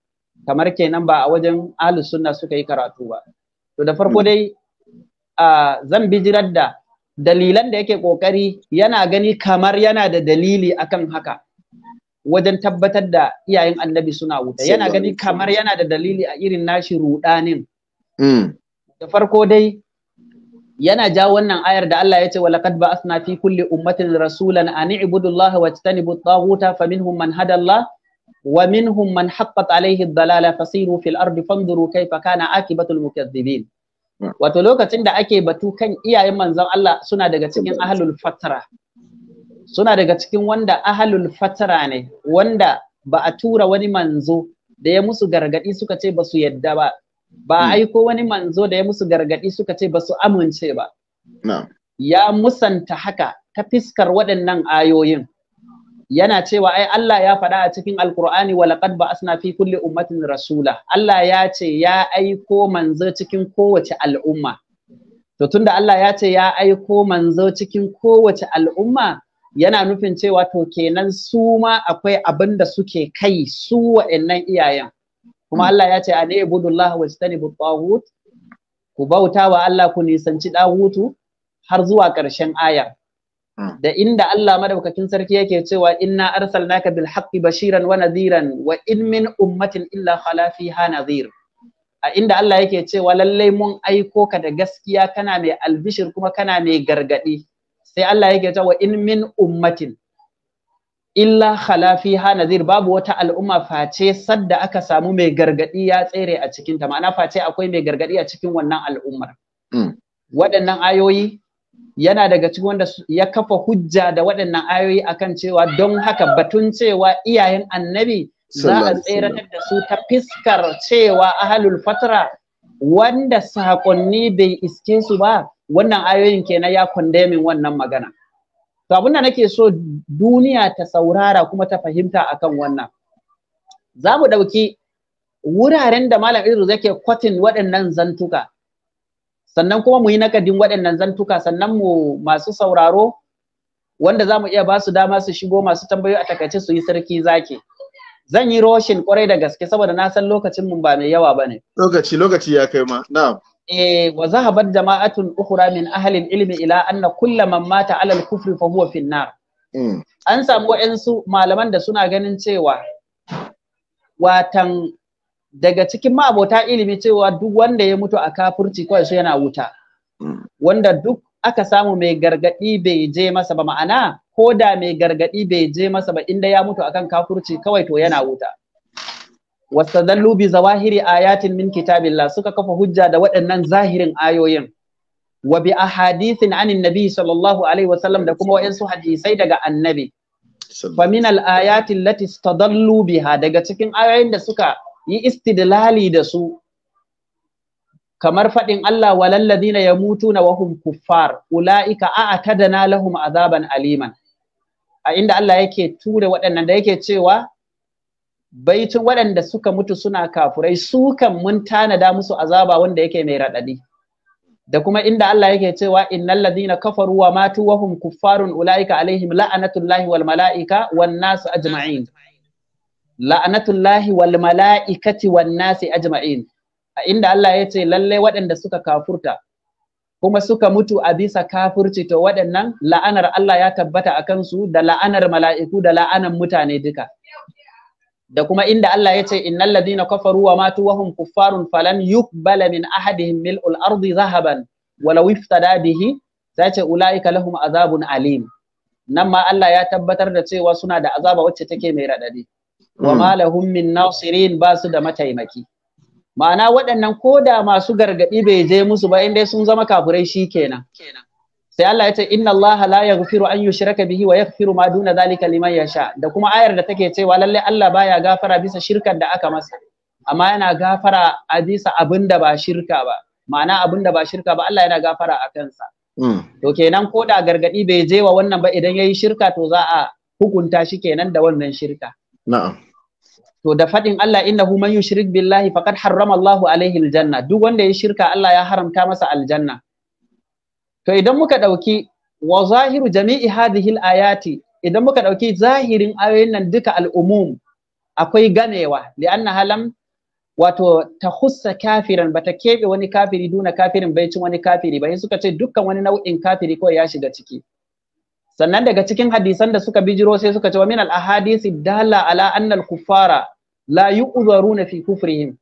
kamar kenan ba a wajen ahlus sunna suka yi karatu ba to da farko hmm. dai uh, zan bijirar da dalilan da yake kokari yana gani kamar yana da dalili akan haka wajen tabbatar da iyayen annabi suna wuta yana gani kamar yana da dalili a irin nashi rudanin mm. da farko dai yana ja wannan ayar da Allah ya ce wa laqad ba'athna fi kulli ummatin rasulan an i'budu Allah wa tajtanibu at-taghuta faminhum man hada Allah wa minhum man haqqat alayhi ad-dalala fasiru fil ardi fanduru kayfa kana akibatul al-mukaththibin wato lokacin da ake batu kan iyayen manzon Allah suna daga cikin ahlul fatara suna daga cikin wanda ahlul fatara ne wanda ba a tura wani manzo da ya musu gargadi suka ce ba su yadda ba ba a hmm. aiko wani manzo da ya musu gargadi suka ce ba su amince ba ya musanta haka ta fiskar waɗannan ayoyin yana cewa ai Allah ya faɗa a cikin Alƙur'ani wa laqad ba'asna fi kulli ummatin rasula Allah ya ce ya aiko manzo cikin kowace al'umma to tunda Allah ya ce ya aiko manzo cikin kowace al'umma yana nufin cewa to kenan su ma akwai abinda suke kai su wa'annan iyayen kuma hmm. Allah ya ce a ne ibudullah wa istanibu ku bauta wa Allah ku nisanci dawutu har zuwa ƙarshen ayar Ah. da inda Allah madaukakin sarki yake cewa inna arsalnaka bil haqqi bashiran wa nadhiran wa in min ummatin illa khala fiha nadhir a inda Allah yake cewa lallai mun aiko ka da gaskiya kana mai albishir kuma kana mai gargadi sai Allah yake cewa in min ummatin illa khala fiha nadhir babu wata al'umma face sadda aka samu mai gargadi ya tsere a cikinta, ma'ana face akwai mai gargadi a cikin wannan al'ummar hmm. waɗannan ayoyi yana daga cikin wanda ya kafa hujja da waɗannan ayoyi akan cewa don haka batun cewa iyayen annabi za a tseratar da su ta fiskar cewa ahalul fatra wanda saƙonni bai iske su ba wannan ayoyin kenan ya kondemin wannan magana to abin da nake so duniya ta saurara kuma ta fahimta akan wannan za mu ɗauki wuraren da malam idris yake kwatin waɗannan zantuka sannan kuma mu yi nakadin waɗannan zantuka sannan mu masu sauraro wanda za mu iya ba su dama su shigo masu tambayoyi a takaice su yi sarki zaki zan yi roshin kwarai da gaske saboda na san lokacin mun ba mai yawa bane lokaci lokaci ya kai ma na'am eh wa zahabat jama'atun ukhra min ahli ilmi ila anna kulla man mata ala al-kufri fa huwa fi nar mm. an samu wa'ansu malaman da suna ganin cewa watan daga cikin ma'abota ilimi cewa duk wanda ya mutu a kafurci kawai su yana wuta hmm. wanda duk aka samu mai gargadi bai je masa ba ma'ana ko da mai gargadi bai je masa ba inda ya mutu akan kafurci kawai to yana wuta wastadallu bi zawahiri ayatin min kitabillah suka kafa hujja da waɗannan zahirin ayoyin wa bi ahadithin an annabi sallallahu alaihi wasallam da kuma wa'insu hadisai daga annabi fa min al ayati allati istadallu biha daga cikin ayoyin da suka yi istidlali da su kamar faɗin Allah walal ladina mutu na wahum kuffar ulaika a'tadna lahum azaban aliman a inda Allah yake ture waɗannan da yake cewa baitun waɗanda suka mutu suna kafurai su kan mun tanada musu azaba wanda yake mai raɗaɗi da kuma inda Allah yake cewa innal ladina kafaru wa matu wahum kuffarun ulaika alaihim la'anatullahi wal mala'ika wan nas ajma'in la'anatullahi wal mala'ikati wan nasi ajma'in a inda Allah ya ce lalle waɗanda suka kafurta kuma suka mutu a bisa kafurci to waɗannan la'anar Allah ya tabbata a kansu da la'anar mala'iku da la'anar mutane duka da kuma inda Allah ya ce innal ladina kafaru wa matu wa hum kuffarun falan yuqbala min ahadihim mil'ul ardi zahaban walau iftada bihi sai ulaika lahum azabun alim nan ma Allah ya tabbatar da cewa suna da azaba wacce take mai radadi wa hmm. malahum min nasirin basu da mataimaki ma'ana waɗannan ko da masu gargaɗi bai je musu ba inda sun zama kafurai shi kenan sai Allah ya ce inna Allah la yaghfiru an yushraka bihi wa yaghfiru ma duna zalika liman yasha da kuma ayar da take cewa lalle Allah baya gafara bisa shirkan da aka masa amma yana gafara a bisa abinda ba shirka ba ma'ana abinda ba shirka ba Allah yana gafara a kansa hmm. to kenan ko da gargaɗi bai je wa wannan ba idan yayi shirka to za a hukunta shi kenan da wannan shirka na'am to da faɗin Allah innahu man yushrik billahi faqad harrama Allahu alaihi aljanna duk wanda ya shirka Allah ya haramta masa aljanna to idan muka ɗauki wa zahiru jami'i hadhihi ayati idan muka ɗauki zahirin ayoyin nan duka al'umum akwai ganewa li'annaha halan wato ta hussa kafiran bata keɓe wani kafiri duna kafirin bai cin wani kafiri ba suka ce dukkan wani nau'in kafiri kawai ya shiga ciki sannan daga cikin hadisan da suka bijiro sai suka ce wa min al ahadisi dalla ala anna al kuffara la fi kufrihim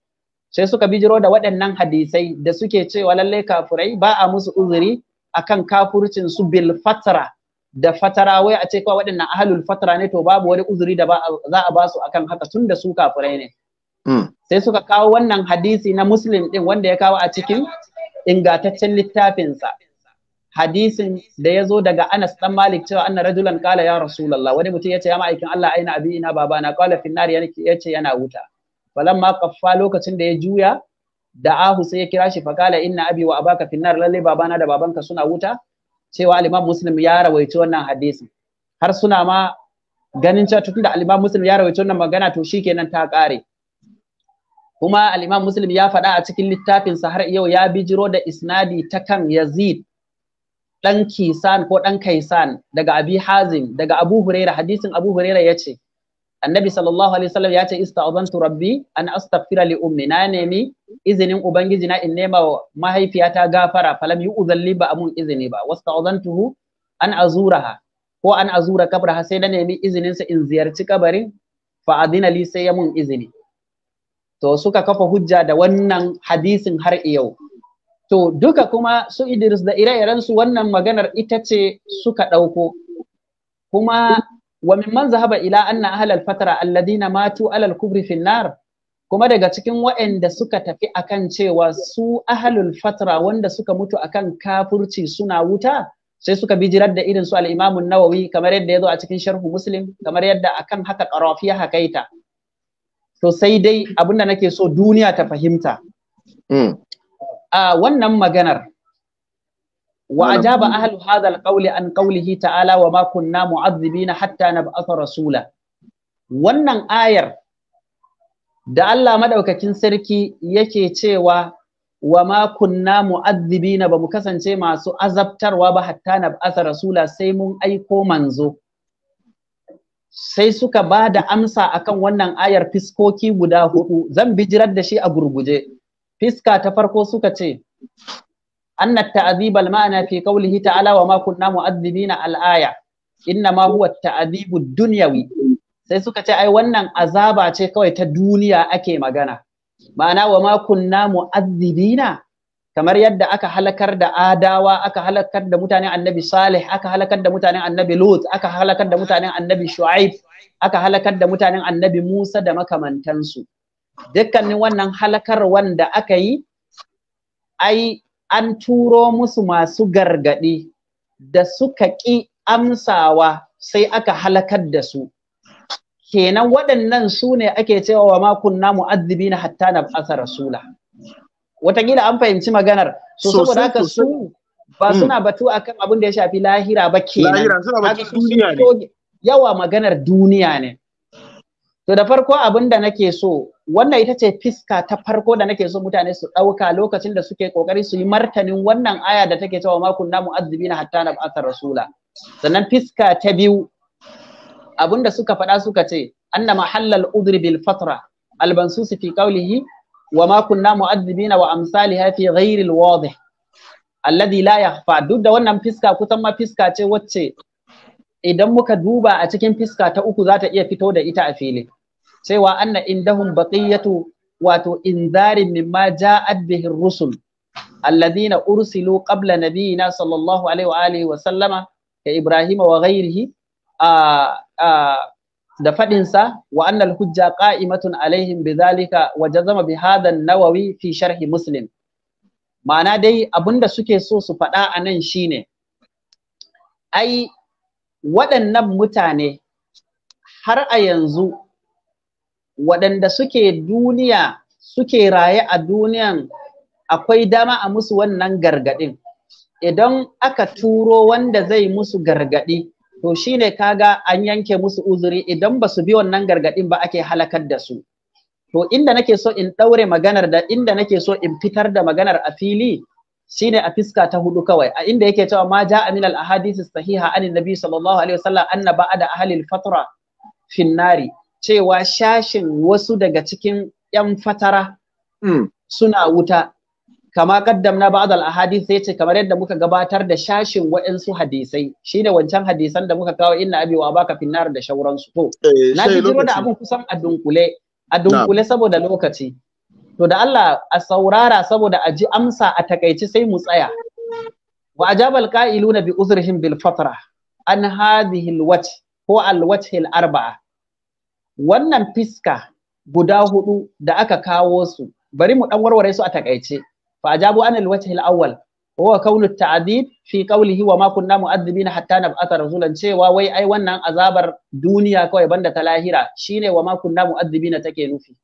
sai suka bijiro da waɗannan hadisai da suke cewa lallai kafurai ba a musu uzuri akan kafurcin su bil fatara da fatara wai a ce kawai waɗannan ahlul fatara ne to babu wani uzuri da za a basu akan haka tun da su kafurai ne hmm. sai suka kawo wannan hadisi na muslim din wanda ya kawo a cikin ingantaccen littafinsa hadisin da ya zo daga Anas dan Malik cewa anna rajulan kala ya rasulullah wani mutum yace ya ma'aikin Allah aina abi ina babana kala finnar yace yana wuta falamma kaffa lokacin da ya juya ahu sai ya kira shi fa kala inna abi wa abaka finnar lalle babana da babanka suna wuta cewa al-Imam Muslim ya rawaito wannan hadisi har suna ma ganin cewa tunda al-Imam Muslim ya rawaito wannan magana to shikenan ta kare kuma al-Imam Muslim ya faɗa a cikin littafin sa har yau ya bijiro da isnadi ta kan Yazid Ɗan Kisan ko dan Kaisan daga Abi Hazim daga Abu Huraira hadisin Abu Huraira yace Annabi sallallahu alaihi wasallam ya ce ista'adantu rabbi an astaghfira li ummi na nemi izinin ubangiji na in nema wa mahaifiyata gafara falam yu uzalli ba amun izini ba wasta'adantuhu an azuraha ko an azura kabraha sai na nemi izinin sa in ziyarci kabarin fa adina li sai ya mun izini to suka kafa hujja da wannan hadisin har yau to duka kuma su Idris da ire su wannan maganar ita ce suka ɗauko kuma wa mimman zahaba ila anna ahlal fatara alladina matu alal kubri finnar kuma daga cikin waɗanda suka tafi akan cewa su ahlul fatara wanda suka mutu akan kafurci suna wuta sai suka bi jirar da irin su al-Imam nawawi kamar yadda ya zo a cikin sharhu Muslim kamar yadda akan haka Qarafi ya hakaita to sai dai abinda nake so duniya ta fahimta hmm. wannan maganar wa ajaba ahlu hadha alqawli an qawlihi ta'ala wa ma kunna mu'adhibina hatta nab'atha rasula wannan ayar da Allah madaukakin sarki yake cewa wa ma kunna mu'adhibina ba mu kasance masu azabtarwa ba hatta nab'atha rasula sai mun aiko manzo sai suka ba da amsa akan wannan ayar fiskoki guda hudu zan bijirar da shi a gurguje fiska ta farko suka ce anna ta'dhib al-ma'na fi qawlihi ta'ala wa ma kunna mu'adhibina al-aya inna ma huwa ta'dhibu dunyawi sai suka ce ai wannan azaba ce kawai ta duniya ake magana ma'ana wa ma kunna mu'adhibina kamar yadda aka halakar da adawa aka halakar da mutanen annabi salih aka halakar da mutanen annabi lut aka halakar da mutanen annabi shu'aib aka halakar da mutanen annabi musa da makamantansu dukkanin wannan halakar wanda aka yi ai an turo musu masu gargaɗi da suka ƙi amsawa sai aka halakar da su kenan waɗannan su ne ake cewa wa makunna mu'azzibi na hatta na asa rasula watakila an fahimci maganar so saboda haka su ba mm. suna batu akan abin da ya shafi lahira ba kenan yawa maganar duniya ne to da farko abin da nake so wannan ita ce fiska ta farko da nake so mutane su ɗauka lokacin da suke ƙoƙari su yi martanin wannan aya da take cewa ma kunna mu'azzibina hatta nab'atha rasula sannan fiska ta biyu abin da suka faɗa suka ce anna mahallal udri bil fatra albansusi fi ƙaulihi wa ma kunna mu'azzibina wa amsali hafi ghairi al wadih alladhi la duk da wannan fiska kusan ma fiska ce wacce idan muka duba a cikin fiska ta uku za ta iya fito da ita a fili cewa anna indahum baqiyatu wato inzarin mimma ja'at bihi rusul alladhina ursilu qabla nabiyina sallallahu alaihi wa alihi wa sallama ka ibrahima wa ghairihi da faɗinsa wa annal hujja qa'imatun alaihim bidhalika wa jazama bi hadha nawawi fi sharhi muslim ma'ana dai abinda suke so su faɗa a nan shine ai waɗannan mutane har a yanzu waɗanda suke duniya suke raye a duniyan akwai dama a musu wannan gargaɗin idan aka turo wanda zai musu gargaɗi to shine kaga an yanke musu uzuri idan ba su bi wannan gargaɗin ba ake halakar da su to inda nake so in ɗaure maganar da inda nake so in fitar da maganar a fili shine a fiska ta hudu kawai a inda yake cewa ma ja Aminal al sahiha anin nabi sallallahu alaihi wasallam anna ba'da ahli fatra fi nari cewa shashin wasu daga cikin ‘yan fatara hmm. suna wuta, kama kaddam na ba'ad a ahadith ya ce kamar yadda muka gabatar da shashin waɗansu hadisai, shi ne wancan hadisan da muka kawo inna abi wa baka finnar da shauransu. To, eh, na jiro da abin kusan a dunkule, a dunkule saboda lokaci. To da Allah a saurara saboda a ji amsa a takaici sai mu tsaya. Wa ajabal qa'iluna bi uzrihim bil fatra an hadhihi al-wajh ko al-wajh al-arba'a. wannan fiska guda hudu da aka kawo su bari mu dan warware su a takaice fa ajabu an alwajh alawwal huwa qawlu ta'dib fi qawlihi wa ma kunna mu'adhibina hatta nab'atha rasulan cewa wai ai wannan azabar duniya kawai banda ta lahira shine wa ma kunna mu'adhibina take nufi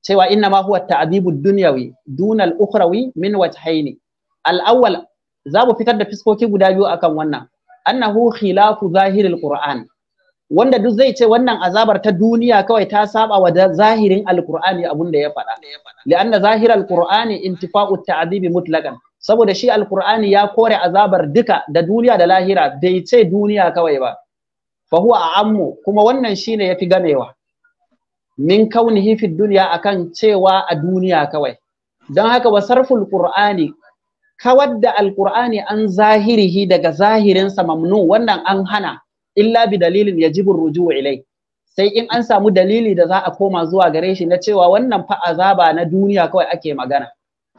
cewa inna ma huwa ta'dibu dunyawi duna al-ukhrawi min wajhaini al-awwal za mu fitar da fiskoki guda biyu akan wannan annahu khilafu zahiril qur'an wanda duk zai ce wannan azabar ta duniya kawai ta saba wa zahirin alqur'ani abun da ya faɗa li'anna zahir alqur'ani intifa'u ta'dhibi mutlaqan saboda shi alqur'ani ya kore azabar duka da duniya da lahira bai ce duniya kawai ba fa huwa kuma wannan shine yafi ganewa min kaunihi fi dunya akan cewa a duniya kawai don haka wa sarful qur'ani kawar da alqur'ani an zahirihi daga zahirinsa mamnu wannan an hana illa bi dalilin ya yajibu ruju'u ilai sai in an samu dalili da za a koma zuwa gare shi na cewa wannan fa azaba na duniya kawai ake magana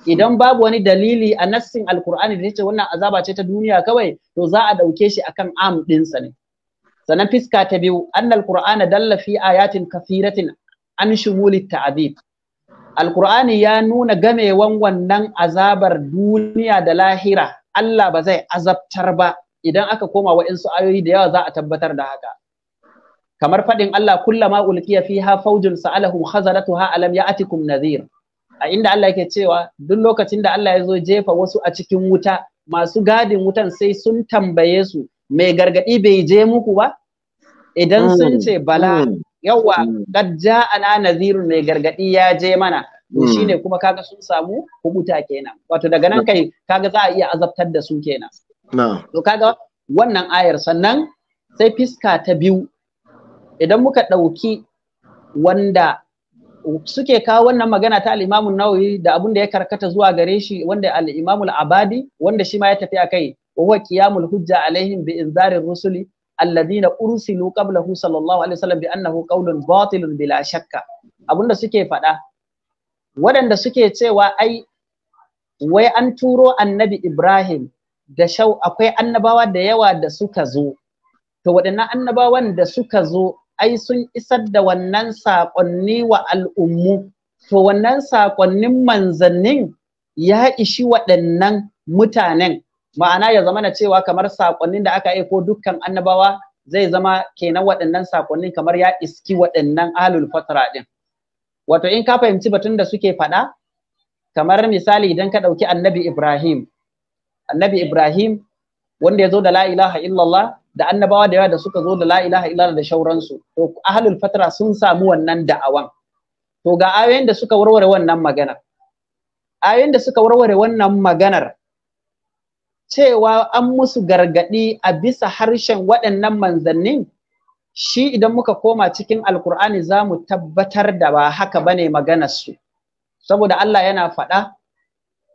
idan babu wani dalili a nassin alkur'ani da ce wannan azaba ce ta duniya kawai to za a dauke shi akan am dinsa ne sannan fiska ta biyu annal qur'ana dalla fi ayatin kathiratin an shumulit ta'abid alkur'ani ya nuna gamewan wannan azabar duniya da lahira Allah ba zai azabtar ba idan aka koma wa insu ayoyi da yawa za a tabbatar da haka kamar faɗin Allah kullama ulqiya fiha fawjun sa'alahum khazanatuha alam ya'atikum nadhir a inda Allah yake cewa duk lokacin da Allah ya zo jefa wasu a cikin wuta masu gadin wutan sai sun tambaye su mai gargadi bai je muku ba idan hmm. sun ce bala hmm. yawa hmm. qad ja'ana nadhirun mai gargadi ya je mana to shine kuma kaga sun samu hukuta kenan wato daga nan kai kaga za a iya azabtar da su kenan to kaga wannan ayar sannan sai fiska ta biyu idan muka ɗauki wanda suke kawo wannan magana ta al'imamun nawawi da abin da ya karkata zuwa gare shi wanda al'imamul abadi wanda shi ma ya tafi akai wa qiyamul hujja alaihim bi inzarir rusuli alladhina ursilu qablahu sallallahu alaihi wasallam bi annahu qawlun batilun bila shakka abinda suke faɗa waɗanda suke cewa ai wai an turo annabi ibrahim da shau akwai annabawa da yawa da suka zo to waɗannan annabawan da suka zo ai sun isar da wannan saƙonni wa al'ummu to wannan saƙonnin manzannin ya ishi waɗannan mutanen ma'ana ya zama na cewa kamar saƙonnin da aka aiko dukkan annabawa zai zama kenan waɗannan saƙonnin kamar ya iski waɗannan ahlul fatra ɗin wato in ka fahimci batun da suke faɗa kamar misali idan ka ɗauki annabi ibrahim annabi Ibrahim wanda ya zo da la ilaha illallah da annabawa da yawa da suka zo da la ilaha illallah da shauransu to ahlul fatra sun samu wannan da'awan to ga ayoyin da suka warware wannan maganar ayoyin da suka warware wannan maganar cewa an musu gargadi a bisa harshen waɗannan manzannin shi idan muka koma cikin alkur'ani za mu tabbatar da ba haka bane maganar su saboda Allah yana faɗa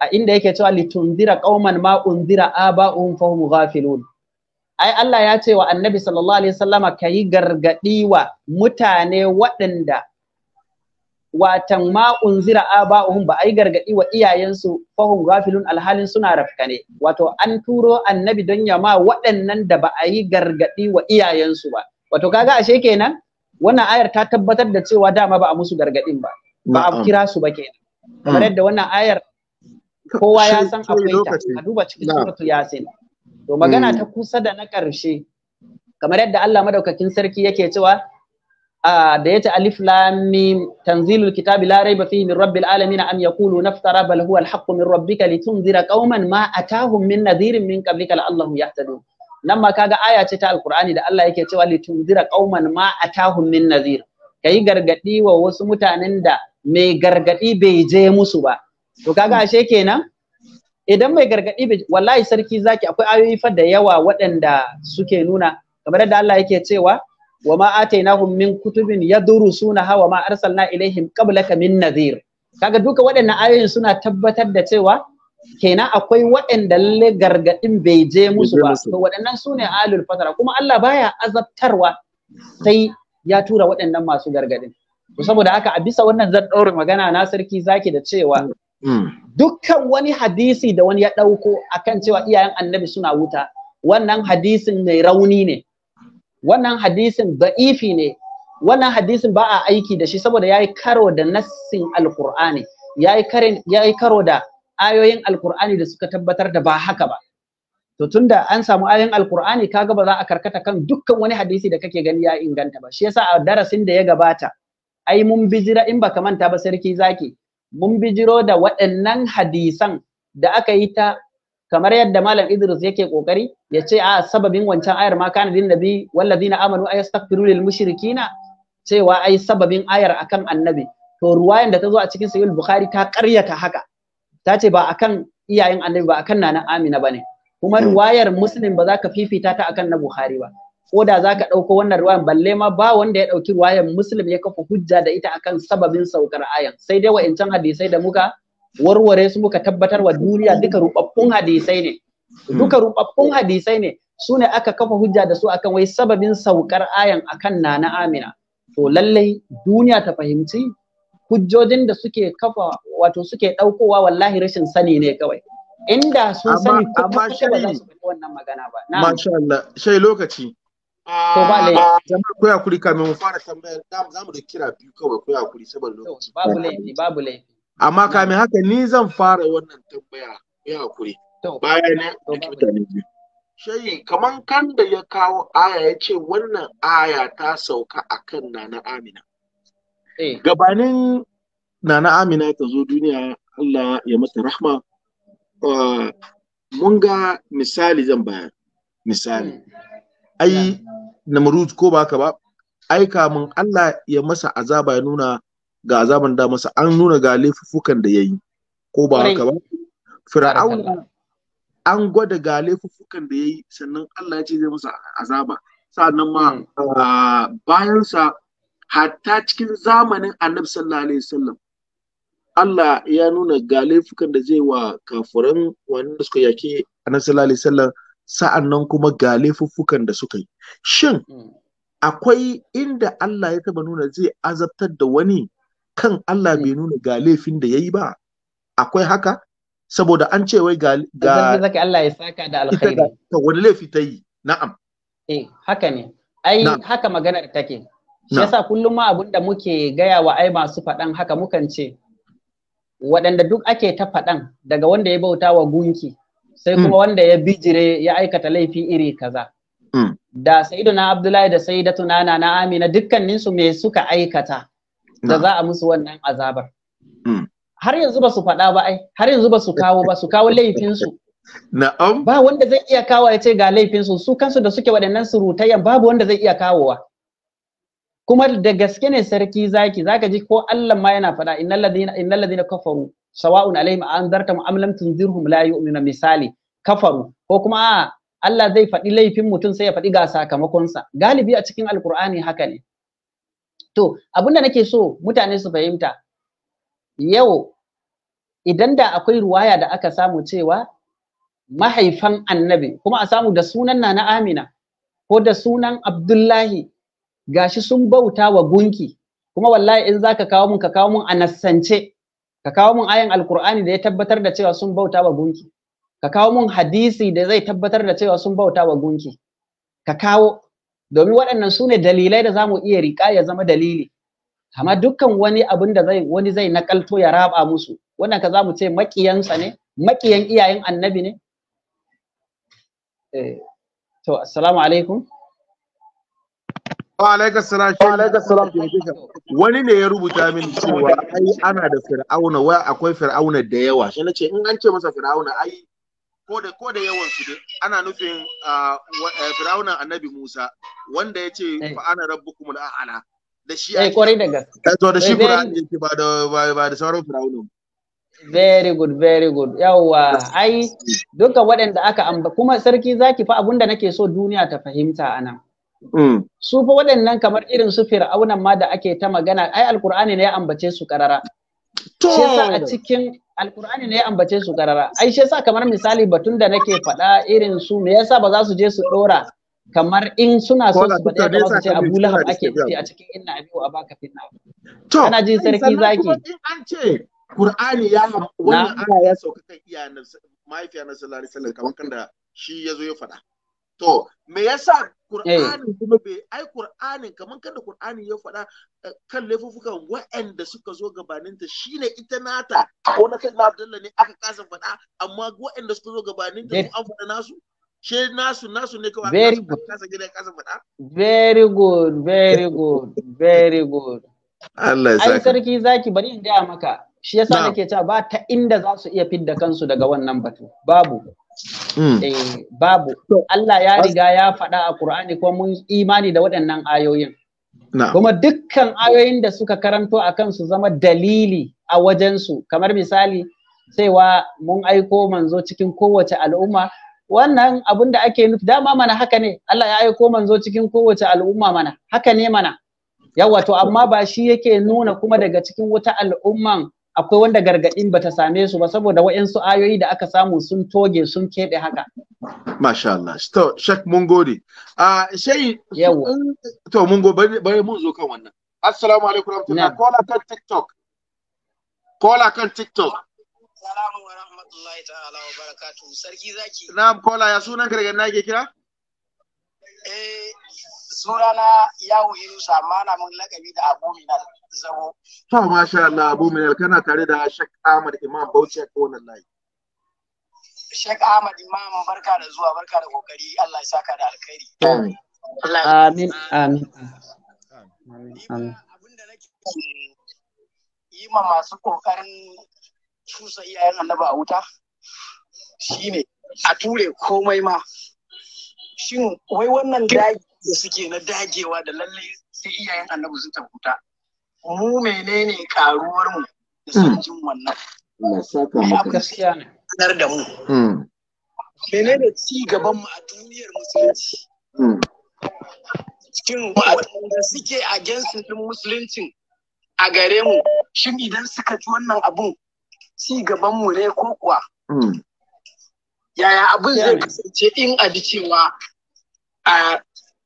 a inda yake cewa litunzira qauman ma unzira aba'uhum fahum ghafilun ai Allah ya ce wa Annabi sallallahu alaihi wasallama kai gargadi wa mutane waɗanda watan ma unzira aba'uhum ba ai gargadi wa iyayensu fahum ghafilun alhalin suna rafkane wato an turo annabi don ya ma waɗannan da ba a yi gargadi wa iyayensu ba wato kaga ashe kenan wannan ayar ta tabbatar da cewa dama ba a musu gargadin ba ba a kira su ba kenan kamar hmm. yadda wannan ayar kowa ya san akwai ta a duba cikin suratu yasin to magana ta kusa da na ƙarshe kamar yadda Allah madaukakin sarki yake cewa da yace alif lam mim tanzilul kitabi la rayba fihi min rabbil alamin am yaqulu naftara bal huwa al haqq min rabbika litunzira qauman ma atahum min nadhirin min qablika la'allahum yahtadun nan ma kaga aya ce ta alqur'ani da Allah yake cewa litunzira qauman ma atahum min nadhir kai gargadi wa wasu mutanen da mai gargadi bai je musu ba to kaga ashe kenan idan mai gargadi wallahi sarki zaki akwai ayoyi fa da yawa waɗanda suke nuna kamar da Allah yake cewa wa ma atainahum min kutubin yadrusuna hawa ma arsalna ilaihim qablaka min nadhir kaga duka waɗannan ayoyin suna tabbatar da cewa kenan akwai waɗanda lalle gargadin bai je musu ba to waɗannan su ne alul fatara kuma Allah baya azabtarwa sai ya tura waɗannan masu gargadin saboda haka a bisa wannan zan ɗaure magana na sarki zaki da cewa Mm. dukkan wani hadisi da wani ya ɗauko akan cewa iyayen annabi suna wuta wannan hadisin mai rauni ne wannan hadisin ba'ifi ne wannan hadisin ba a aiki da shi saboda ya yi karo da nassin alkur'ani ya yi karo da ayoyin alkur'ani da suka tabbatar da ba haka ba to tunda an samu ayoyin alkur'ani kaga ba za a karkata kan dukkan wani hadisi da kake gani ya inganta ba shi yasa a darasin da ya gabata ai mun bijira in baka manta ba sarki zaki mun bijiro da waɗannan hadisan da aka yi ta kamar yadda malam Idris yake kokari ya ce a sababin wancan ayar ma kana din nabi na amanu ay yastaghfiru lil mushrikina cewa ai sababin ayar akan annabi to ruwayan da ta zo a cikin sahih bukhari ta karyata haka ta ce ba akan iyayen annabi ba akan nana amina bane kuma hmm. ruwayar muslim ba za ka fifita ta akan na bukhari ba ko da za ka ɗauko wannan ruwan balle ma ba wanda ya ɗauki ruwayan muslim ya kafa hujja da ita akan sababin saukar ayan sai dai wa'incan hadisai da muka warware su muka tabbatar wa duniya duka rubabbun hadisai ne hmm. duka rubabbun hadisai ne su ne aka kafa hujja da su akan wai sababin saukar ayan akan nana amina to lallai duniya ta fahimci hujjojin da suke kafa wato suke ɗaukowa wallahi rashin sani ne kawai inda sun sani kuma ba za su wannan magana ba masha Allah shai lokaci To ba ah, lai. Jama'a ku hakuri kamin mu fara tambayar za mu da kira biyu kawai ku hakuri saboda lokaci. Babu laifi babu laifi. Amma kamin haka ni zan fara wannan tambaya ku hakuri. Bayan na mutane biyu. Shayi kaman kan da ya kawo aya ya ce wannan aya ta sauka akan Nana Amina. Eh. Gabanin Nana Amina ta zo duniya Allah ya mata rahma. Ah, mun ga misali zan bayar. Misali. Hmm. ai namrud ko ba ka ba ai kamun Allah ya masa azaba ya nuna ga azaban da masa an nuna ga laifuffukan da yayi ko ba haka ba fir'aun an gwada ga laifuffukan da yayi sannan Allah ya ce zai masa azaba sannan ma hmm. ah, bayansa hatta cikin zamanin annabi sallallahu alaihi wasallam Allah ya nuna ga laifukan da zai wa kafiran wanda suka yake annabi sallallahu alaihi wasallam sa'an nan kuma ga laifuffukan da suka yi shin hmm. akwai inda Allah ya taba nuna zai azabtar da wani kan Allah hmm. bai nuna ga laifin da ya yi ba akwai haka saboda an ce wai ga ga zaka Allah ya saka da alkhairi wani laifi ta yi na'am eh haka ne ai haka maganar take shi yasa kullum ma da muke gaya wa ai masu faɗan haka mukan ce waɗanda duk ake ta faɗan daga wanda ya bauta wa gunki sai kuma mm. wanda ya bijire ya aikata laifi iri kaza mm. da sayyiduna abdullahi da sayyidatuna na amina dukkanin su me suka aikata da za a musu wannan azabar mm. har yanzu ba su faɗa ba ai har yanzu ba su kawo ba su kawo laifin Na'am. Ba wanda zai iya kawo ya ce ga laifinsu su kansu da suke waɗannan surutayyan babu wanda zai iya kawowa. Kuma da gaske ne sarki zaki zaka ji ko Allah ma yana faɗa innal ladina innal ladina kafaru sawa'un alaihim anzartum am lam tunzirhum la na misali kafaru ko kuma Allah zai faɗi laifin mutum sai ya faɗi ga sakamakonsa galibi a cikin alkur'ani haka ne to abinda nake so mutane su fahimta yau idan da akwai ruwaya da aka samu cewa mahaifan annabi kuma a samu da sunan na amina ko da sunan abdullahi gashi sun bauta wa gunki kuma wallahi in zaka kawo mun ka kawo mun a Nasance. ka kawo mun ayan alkur'ani da ya tabbatar da cewa sun bauta wa gunki ka kawo mun hadisi da zai tabbatar da cewa sun bauta wa gunki ka kawo domin waɗannan su ne dalilai da zamu iya riƙa ya zama dalili Kama dukkan wani abin da zai wani zai nakalto ya raba musu wannan ka zamu ce maƙiyansa ne maƙiyan iyayen annabi ne eh to assalamu alaikum Wani ne ya rubuta min cewa ai ana da fir'auna wai akwai fir'auna da yawa. Shi nace in an ce masa fir'auna ai ko da ko da yawan su dai ana nufin eh, fir'auna annabi Musa wanda ya ce eh. fa ana rabbukum al'ala. Da shi eh, ai kwarai da gaske. To da shi Qur'ani yake ba da ba da sauran fir'auna. Very good, very good. Yawwa, ai duka waɗanda aka amba kuma sarki zaki fa abunda nake so duniya ta fahimta anan. Mm. su fa waɗannan kamar irin su fir'aunan ma da ake ta magana ai alkur'ani ne ya ambace su karara to shi yasa a cikin alkur'ani ne ya ambace su karara ai shi yasa kamar misali batun da nake faɗa irin su me yasa ba za su je su ɗora kamar in suna so su faɗi kamar su ce Abu Lahab ake ce a cikin inna abu a baka fitna to ana ji sarki zaki in an ce Qur'ani ya wannan aya ya sauka kan iyayen mahaifiya na sallallahu alaihi wasallam kamar kan da shi yazo ya faɗa to me yasa Kur'anin eh. kuma bai ai Kur'anin kamar kada Kur'anin ya faɗa eh, kan laifufukan waɗanda suka zo gabaninta shine ita nata ko na kan Abdullah ne aka kasa faɗa amma waɗanda suka zo gabaninta su an faɗa nasu she nasu nasu ne kawai very good kasa gida kasa faɗa very good very good very good Allah ya saka ai sarki zaki bari in gaya maka shi yasa nake cewa ba ta inda za su iya fidda kansu daga wannan batu babu Hmm. Eh, babu Allah ya riga ya faɗa a Qur'ani ko mun imani da waɗannan ayoyin kuma dukkan ayoyin da suka karanto a kansu zama dalili a wajensu kamar misali cewa mun aiko manzo cikin kowace al'umma wannan abun da ake nufi dama mana haka ne Allah ya aiko manzo cikin kowace al'umma mana haka ne mana yawa to amma ba shi yake nuna kuma daga cikin wata al'umman akwai wanda gargadin bata same su ba saboda waɗansu ayoyi da aka samu sun toge sun keɓe haka. Masha Allah. To, Shek Mungodi. Ah, Uh, to Mungo, bari mun zo kan wannan. Assalamu alaikum rahmatullahi. Kola kan TikTok. Kola kan TikTok. Salamu wa rahmatullahi ta'ala wa barakatuh. Sarki zaki. Na'am kola ya sunan daga na yake kira? Eh, sunana yawo Inusa, mana mun lakabi da Abu Minal. zamo to masha Allah Abu Minal kana tare da Sheikh Ahmad Imam Bauchi a kowane layi Sheikh Ahmad Imam barka da zuwa barka da kokari Allah ya saka da alkhairi Amin amin amin abinda nake yi ma masu kokarin cusa iyayen annaba a wuta shine a ture komai ma shin wai wannan dagi da suke na dagewa da lallai sai iyayen annabi sun tafuta mu menene karuwar mu da sanjin hmm. wannan gaskiya ne da mu hmm. menene ci gaban mu a duniyar musulunci hmm. cikin da suke a din musuluncin a gare mu shin idan suka ji wannan abun ci gaban mu ne ko kuwa yaya abin zai kasance in a ji cewa a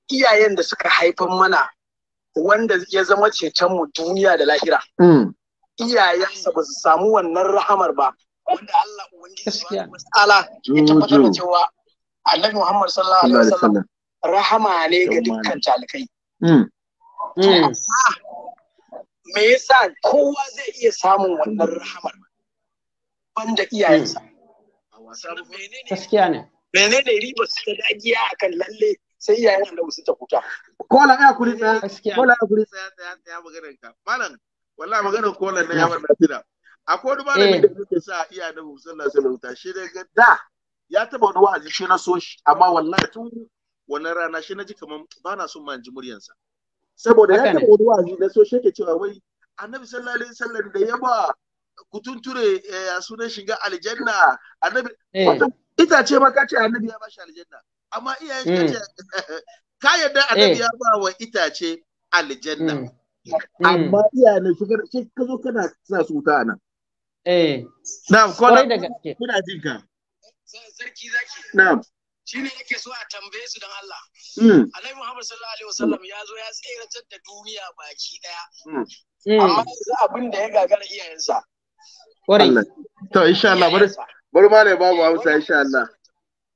iyayen da suka haifan mana wanda ya zama cetonmu duniya da lahira. Hmm. Iyayensa ba su samu wannan rahamar ba, wanda Allah Ubangiji tsala ya hmm, tabbatar da cewa Annabi Muhammad sallallahu alaihi wasallam rahama ne ga dukkan talikai. Hmm. Me yasa kowa zai iya samun wannan rahamar banda iyayensa? Menene riba su ta dagiya akan lalle sai iyayen annabi su ta kuta kola ya kuri tsaya kola ya kuri tsaya tsaya tsaya maganar ka malam wallahi maganar kola na yawan lafiya A wani malami eh. da yake sa iya da na sai wasallam shi da ga da ya taba wani wa'azi shi na so shi amma wallahi tun wannan rana shi na ji kamar ba na son ma in ji muryansa saboda ya taba wani wa'azi na so shi yake cewa wai annabi sallallahu alaihi wasallam da ya ba kutunture ya eh, sunan shiga aljanna annabi eh. ita ce ma ka ce annabi ya ba shi aljanna amma iyayen shi mm. ce ka yadda mm. annabi ya ba wa itace aljanna mm. amma iyayen shi shi ka zo kana sa su ta nan eh na ko da kuna jin ka sarki zaki na'am shine yake so a tambaye su dan Allah Annabi Muhammad sallallahu alaihi wasallam ya zo ya tseratar da duniya baki daya amma yanzu abin da ya gagara iyayensa to insha Allah bari bari malai babu Hausa insha Allah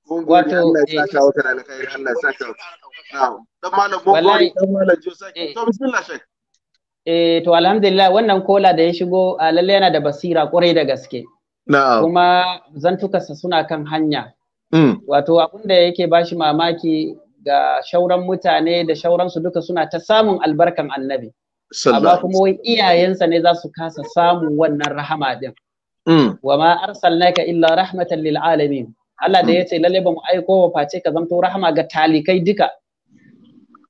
wato Allah ya eh. saka wa kana kai Allah ya saka dan malam gogori dan malam Joseph eh. to bismillah shek eh to alhamdulillah wannan kola da ya shigo a lalle yana da basira kwarai da gaske na'am kuma zantukarsa suna kan hanya hmm. wato abin da yake bashi mamaki ga shauran mutane da su duka suna ta samun albarkan annabi amma kuma wai iyayensa ne za su kasa samun wannan rahama din hmm. wa ma arsalnaka illa rahmatan lil alamin Allah da ya ce lalle ba mu aiko wa face ka zamto rahama ga talikai duka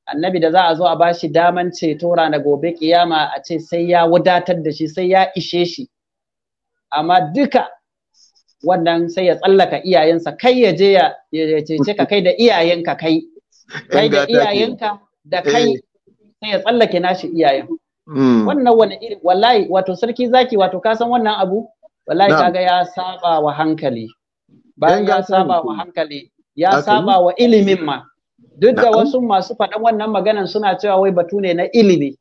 annabi da za a zo a bashi daman ceto na gobe kiyama a ce sai ya wadatar da shi sai ya ishe shi amma duka wannan sai ya tsallaka iyayensa kai ya je ya cece ka kai da iyayenka kai kai da iyayenka da kai eh. sai ya tsallake nashi iyayen hmm. wannan wani iri wallahi wato sarki zaki wato ka san wannan abu wallahi kaga ya saba wa hankali bayan ya saba wa hankali ya saba wa ilimin ma duk da wasu masu faɗan wannan maganan suna cewa wai batu ne na ilimi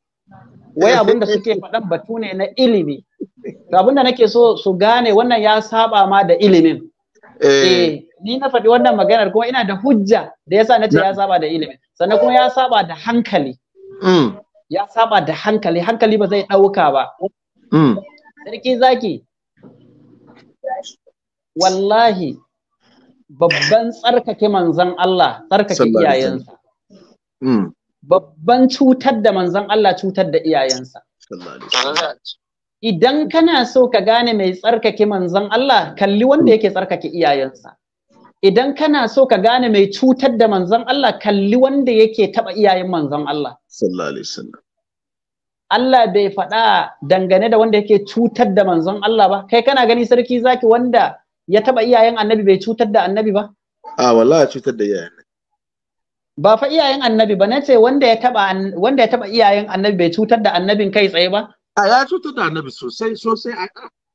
wai abin da suke faɗan batu ne na ilimi to abin da nake so su gane wannan ya saba ma da ilimin eh, eh ni na faɗi wannan maganar kuma ina da hujja da yasa nace ya saba da ilimin sannan kuma ya saba da hankali mm. ya saba da hankali hankali ba zai ɗauka ba mm. sarki zaki wallahi babban tsarkake manzan Allah tsarkake iyayensa hmm. babban cutar da manzan Allah cutar da iyayensa idan kana so ka gane mai tsarkake manzan Allah kalli wanda hmm. yake tsarkake iyayensa idan kana so ka gane mai cutar da manzan Allah kalli wanda yake taba iyayen manzan Allah Allah bai faɗa dangane da wanda yake cutar da manzon Allah ba kai kana gani sarki zaki wanda ya taba iyayen annabi bai cutar da annabi ba a wallahi cutar da iyayen ba fa iyayen annabi ba na wanda ya taba wanda ya taba iyayen annabi bai cutar da annabin kai tsaye ba a ya cutar da annabi sosai sosai a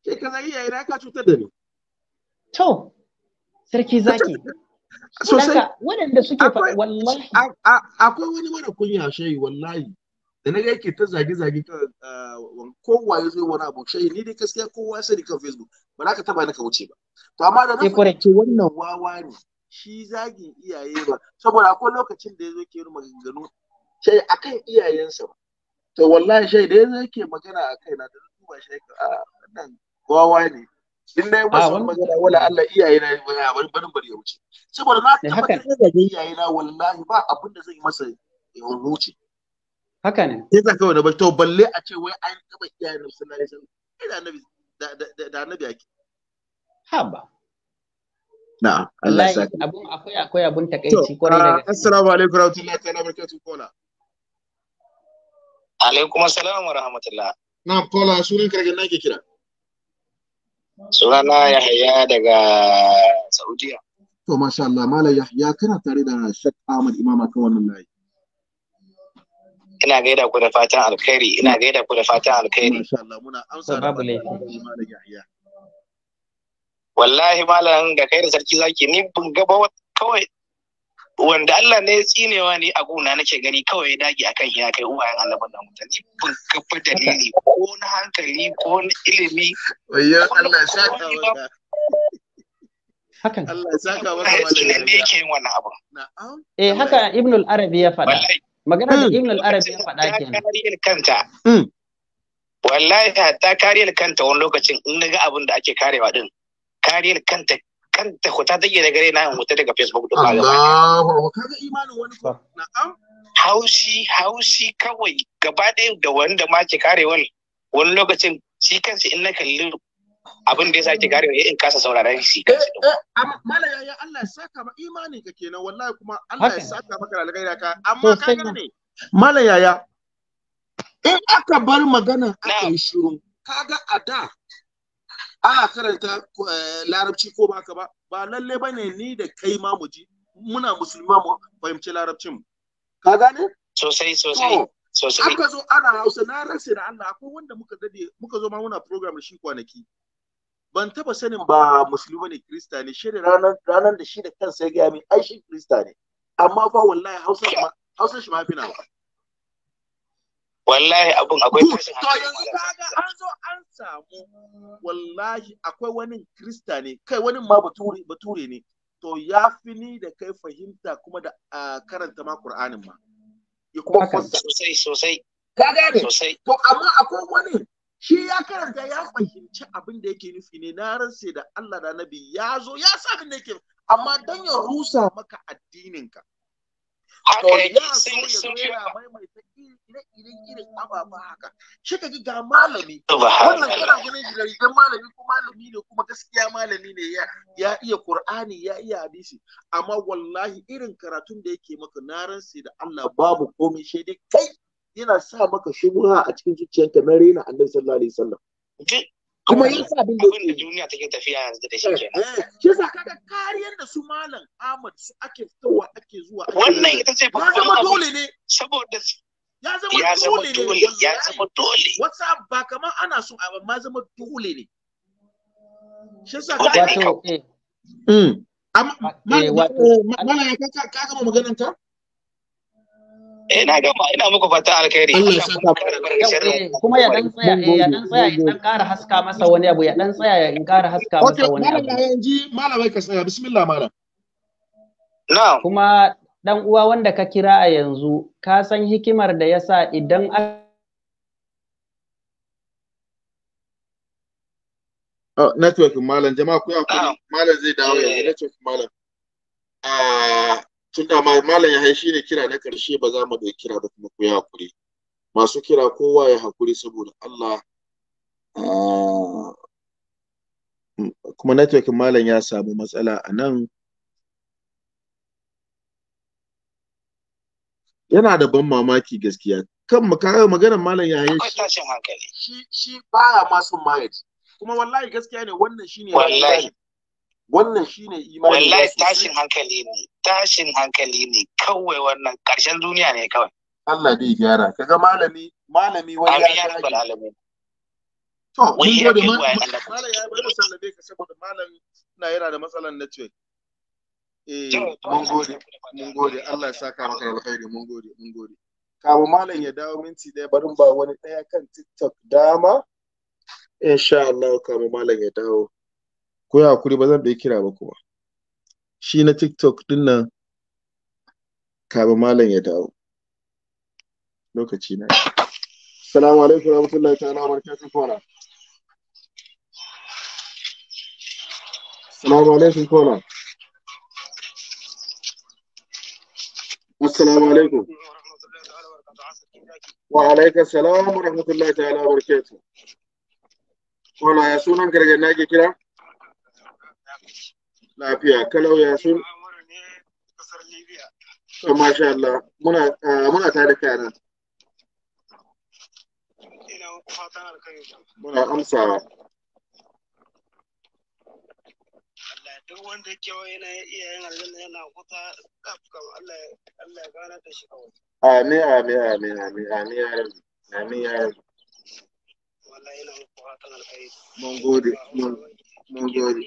ke kaza iyaye na ka cutar da ni to sarki zaki sosai waɗanda suke wallahi akwai wani mara kunya shayi wallahi da na ga yake ta zage-zage ah, kowa ya zo wani abu shi ni dai gaskiya kowa sani kan facebook ba za ka taba ka wuce ba to amma da na eh, fahimci wannan wawa ne shi zagin iyaye ba saboda akwai lokacin da ya zo ke maganganu shayi akan iyayensa ba to wallahi shi da ya zo ke magana a kai na da zuwa shi a ah, wannan wawa ne in na yi masa ah, magana wala Allah iyaye na bari bari bari ya wuce saboda na eh, tabbatar da iyaye na wallahi ba abin da zai masa ya wuce haka ne sai za ka wani ba to balle a ce wai an taba iyayen nabi sallallahu alaihi wasallam ai da annabi da annabi yake haba na'am Allah ya sa saka abun akwai akwai abun takeici kwarai da ah, gaske assalamu alaikum warahmatullahi ta'ala barakatuh kola alaikum assalam wa rahmatullah na kola sunan karge na ke kira sunana yahya daga saudiya to masha Allah mala yahya kana tare da shak ahmad imama kan wannan layi ina gaida ku da fatan alkhairi ina gaida ku da fatan alkhairi wallahi malam ga kai da sarki zaki ni ban gaba kawai wanda Allah ne ya tsinewa ni a gona nake gani kawai ya dage akan ya kai uwayen Allah banda mutan ni ban gaba ni ko na hankali ko na ilimi wayyo Allah ya saka wa hakan Allah ya saka wa malam ne yake wannan abu eh haka ibnul arabi ya faɗa magana da ibn al-arabi ya faɗa kenan kariyar kanta hmm. wallahi hatta kariyar kanta wani lokacin in ga abin da ake karewa din kariyar kanta kanta ku ta dage da gare na in wuta daga facebook din ba Allahu kaga imanin wani ko na'am haushi haushi kawai gaba ɗaya da wanda ma ke karewar wani lokacin shi kansa in na kalli abin da ya sake gare ya in kasa sauraron shi eh, eh, mala ya Allah ya saka ma imanin ka kenan wallahi kuma Allah ya saka maka alƙaira ka amma ka gane mala yaya in aka bar magana aka yi shiru kaga a da ana karanta eh, larabci ko baka ba ba lalle bane ni da kai ma muji ji muna musulma mu fahimci larabcin ka gane sosai sosai sosai aka zo ana hausa na rasa da Allah akwai wanda muka dade muka zo ma muna program shi kwanaki ban taba sanin ba musulmi bane krista ne shi ranar ranan da shi da kansa ya gaya min ai shi krista ne amma fa wallahi hausa shi hausa shi ma fina wallahi abun akwai to yanzu kaga an zo an samu wallahi akwai wani krista ne kai wani ma bature bature ne to ya fi ni da kai fahimta kuma da karanta ma qur'anin ma ya kuma sosai sosai kaga ne sosai to amma akwai wani shi ya karanta ya fahimci abin da yake nufi ne na rantse da Allah da Nabi ya zo ya sa abin da yake amma dan ya rusa maka addininka to ya so ya zo ya maimaita ire-iren ababa haka shi ka ga malami wannan kana ganin shi da malami ko malami ne kuma gaskiya malami ne ya iya kur'ani ya iya hadisi amma wallahi irin karatun da yake maka na rantse da Allah babu komai shi dai kai yana sa maka shubuha a cikin zuciyarka na rena annabi sallallahu alaihi wasallam kuma ya sa abin da duniya take tafiya yanzu da shi eh, kenan eh, shi yasa kaga kariyar da su malam Ahmad su ake fitowa ake zuwa wannan ita ce babban zama dole ne saboda ya zama dole ne ya zama dole whatsapp ba kamar ana so amma zama dole ne shi ka ka ka gama maganar ka Ina eh, gama ina muku fata alkhairi. kuma eh, eh, ya dan tsaya ya dan tsaya in ƙara haska masa wani abu ka Kuma dan uwa wanda ka kira a yanzu ka san hikimar da yasa idan oh, network malam jama'a ku ya malam zai dawo yanzu network malam. Ah, tunda malam ya haishi ne kira na karshe ba za mu da kira da kuma kuya hakuri masu kira kowa ya hakuri saboda Allah ah, kuma network malam ya samu matsala a nan yana da ban mamaki gaskiya kan makarar maganar malam ya yi shi shi baya masu son kuma wallahi gaskiya ne wannan shine wallahi wannan shine imani wallahi tashin hankali ne tashin hankali ne kawai wannan karshen duniya ne kawai Allah dai gyara kaga malami malami wani ya rabbal to mun gode ma malam ya yi musallabe saboda malam na yana da matsalan ce eh mun gode mun gode Allah ya saka maka alkhairi mun gode mun gode kawo malam ya dawo minti daya barin ba wani daya kan TikTok dama insha Allah kawo malam ya dawo ko ya hakuri ba zan bai kira ba kuma shi na tiktok din nan kaba malam ya dawo lokaci na salamu alaikum rahmatullahi ta'ala wabarakatuh kona Salamu alaikum kona assalamu alaikum wa alaika salam wa rahmatullahi ta'ala wa barakatuh Kona ya sunan gargaɗi na ke kira lafiya kalau ya sun to masha Allah muna muna tare kai nan muna amsawa duk wanda ke yana iya yin aljanna yana huta kafkan Allah Allah ya gana da shi kawai amin amin amin amin amin ya rabbi amin ya rabbi wallahi ina muku fatan alkhairi mun gode mun gode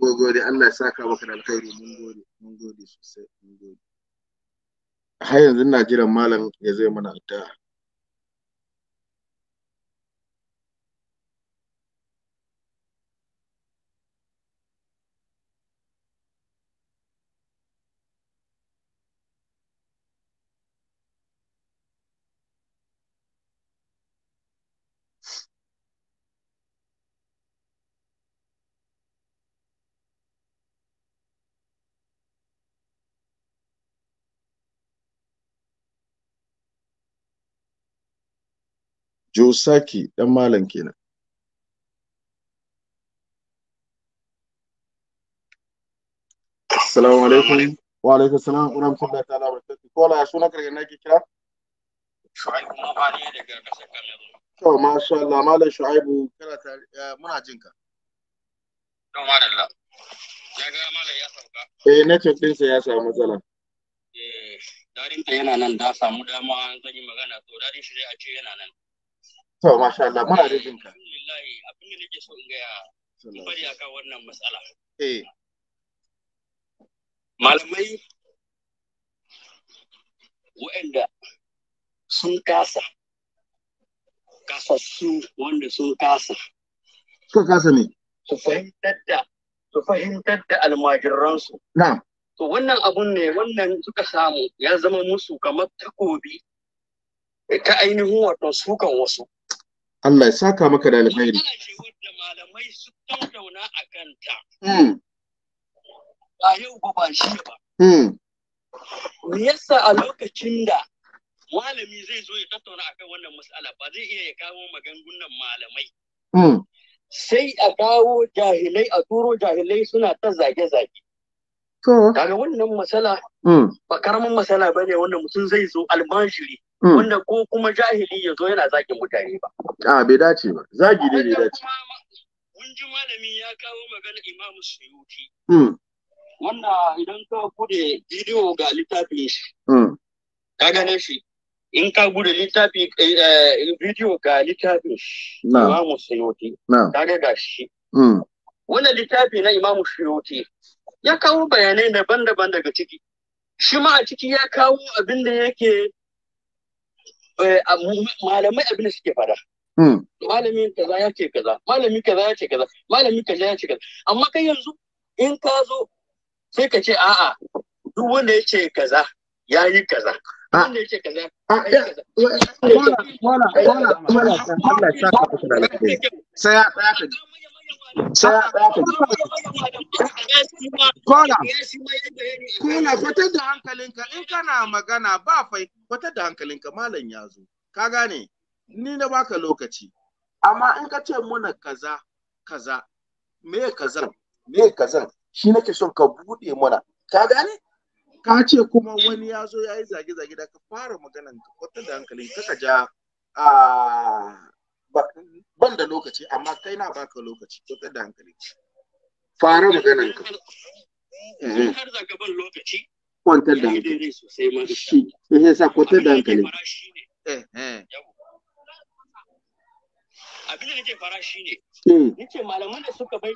Mun gode Allah ya saka maka da alkhairi mun gode mun gode sosai mun gode. Har yanzu ina jiran malam ya zai mana addu'a. josaki dan malam kenan assalamu alaikum wa alaikum salam wa rahmatullahi ta'ala wa barakatuh kola ya suna kirgin nake kira shu'aibu mabani daga kasar kallon to masha Allah malam shu'aibu kana muna jin ka don madalla ya ga malam ya sauka eh network ɗinsa ya samu matsala eh darin ta yana nan da samu dama zan yi magana to darin shi a ce yana nan to masha Allah muna da jinka alhamdulillah abin da nake so in ga in bari akan wannan matsala eh. malamai waɗanda sun kasa kasassu wanda sun kasa sun kasa ne su fahimtar da su fahimtar da almajiransu na to wannan abun ne wannan suka samu ya zama musu kamar takobi ta ainihin wato sukan wasu Allah ya saka maka da alkhairi ce malamai su tattauna a kanta hmm. ba yau ba ba shi ba hmm. me yasa a lokacin da malami zai zo ya tattauna akan wannan mas'ala ba zai iya ya kawo magangunan malamai hmm. sai a kawo jahilai a turo jahilai suna ta zage-zage kaga wannan masala ba karamin masala ba ne wanda mutum zai zo almajiri Hmm. wanda ko kuma jahili ya zo yana zagin mutane ba. A bai dace ba, zagi ne bai dace. Mun ji malami ya kawo magana Imam Suyuti. Hmm. Wanda idan ka gude bidiyo ga littafin shi. Hmm. Ka gane shi. In ka gude littafi eh, eh, bidiyo ga littafin shi. Imam Suyuti. Ka ga gashi. shi. Wannan littafi na Imam Suyuti ya kawo bayanai daban-daban daga ciki. Shi ma a ciki ya kawo abin da yake malamai abin da suke fada malamin kaza ya ce kaza malamin kaza ya ce kaza malamin kaza ya ce kaza amma kai yanzu in ka zo sai ka ce a'a duk wanda ya ce kaza ya yi kaza wanda ya ce kaza ya yi ka sai kola kola kwatar da hankalinka in kana magana ba fai kwatar da hankalinka malam ya zo ka gane ni na baka lokaci amma in ka ce muna kaza kaza me kazan me kazan shi nake son ka bude mana ka gane ka ce kuma wani ya zo ya yi zage-zage da ka fara maganan ka da hankalin ka ka ja ah. ban da lokaci amma kai na baka lokaci ko ta da hankali fara maganan ka har za ka ban lokaci kwantar da hankali shi ya sa kwantar da hankali abin da nake fara eh, eh. shi ne yace malaman da suka bai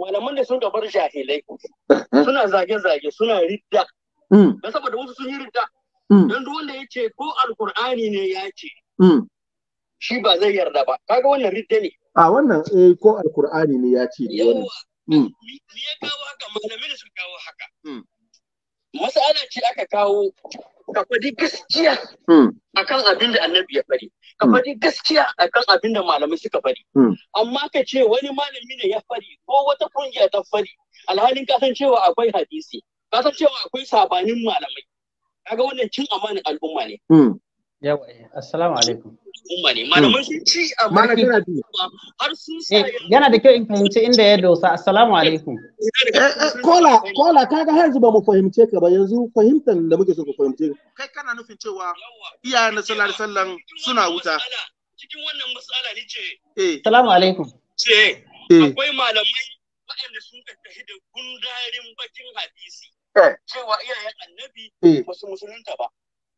malaman da suka bar jahilai eh, suna zage zage suna ridda hmm. dan saboda wasu sun yi ridda hmm. dan duk wanda yace ko alqur'ani ne ya ce hmm. shi ba zai yarda ba kaga wannan ridda ne a wannan eh ko alkur'ani ne ya ce yawa Ni mm. ya kawo haka malamai da kawo haka mas'ala mm. ce aka kawo ka fadi gaskiya mm. akan abin da annabi ya fari. ka fadi gaskiya akan abin da malamai suka fari. amma ka ce wani malami ne ya fari, ko wata kungiya ta fari. alhalin ka san cewa akwai hadisi ka san cewa akwai sabanin malamai kaga wannan cin amanin al'umma ne yawa eh, assalamu alaikum umma ne sun ci har sun sa eh, yana da kyau in fahimci inda ya dosa assalamu alaikum eh, kola kola kaga har yanzu ba mu fahimce ka ba yanzu fahimtar da muke so ka fahimce kai kana nufin cewa iyayen na sallallahu alaihi suna wuta cikin wannan matsala ne ce assalamu alaikum ce akwai malamai waɗanda sun tattahi da gundarin bakin hadisi cewa iyayen annabi ba su musulunta ba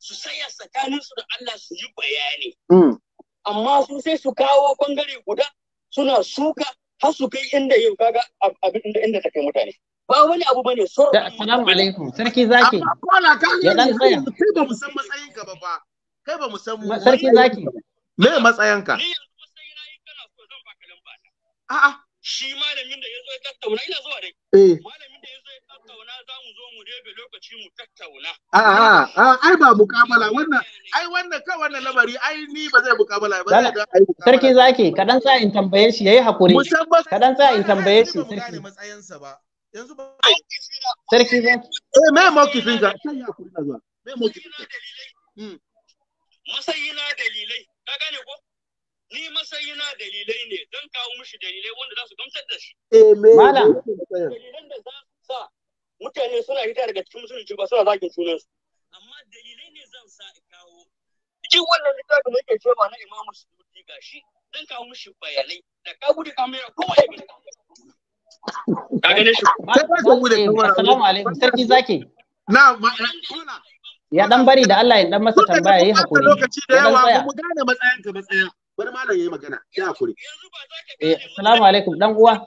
su saya tsakaninsu da Allah su yi bayani. Hmm. Amma su sai su kawo bangare guda suna suka har su kai inda yau kaga abin inda ta kai mutane. Ba wani abu bane so. Assalamu alaikum. Sarki zaki. ya dan tsaya. Kai ba mu san matsayin ka ba ba. Kai ba mu san mu. Sarki zaki. Me matsayin ka? A'a. Shi malamin da yazo ya tattauna ina zuwa dai. Eh. Malamin da yazo zo mu rebe lokaci mu tattauna. A'a, ai ba wannan, wannan kan wannan lamari ai ni ba zai ba zai zaki, kadan sa in tambaye shi yayi hakuri. Kadan sa in tambaye shi. Sarki Sarki zaki. Eh me mokifin hmm. ka? Sai ya hakuri ka? Ni masayina dalilai ne, don kawo mishi dalilai wanda za su gamsar da shi. Eh, Malam. Dalilan da sa mutane suna hita daga cikin musulunci ba suna zagin sunansu amma dalilai ne zan sa kawo cikin wannan littafin da ke cewa na imamu ga gashi zan kawo mushi bayanai da ka gudu ka mera kowa ya gina. ka gane shi assalamu alaikum sarki zaki na eh, ya dan bari da Allah ya dan masa tambaya hakuri lokaci da yawa eh assalamu alaikum dan uwa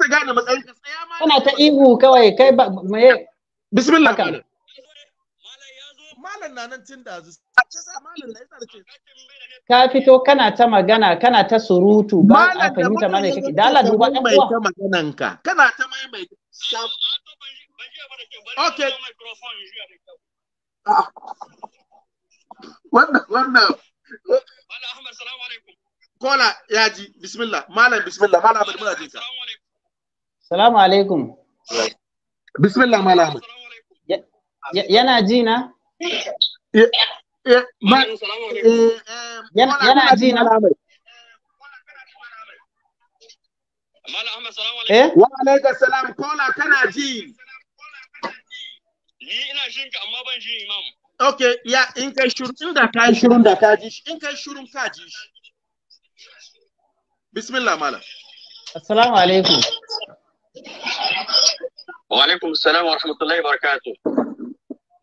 ka gane matsayin ka tsaya ma kana ta ihu kawai kai ba me bismillah malam malam na nan tun da zu a ce sa azu ka fito kana ta magana kana ta surutu ba a fahimta mana kake da Allah duba ɗan uwa ta maganan ka kana ta mai mai okay ah. wannan wannan ahmad alaikum kola yaji bismillah malam bismillah malam muna jin ka Salamu alaikum. Bismillah malam. Yana ji na? Eh, eh, eh, yana ji na? Wa alaikar salam kola kana ji. Ni ina jin ka amma ban ji imam. Ok, ya in kai shiru in da ka shirun da ka ji shi in kai shirun ka ji shi. Bismillah malam. Assalamu alaikum. Wa'alaikum salam wa rahmatullahi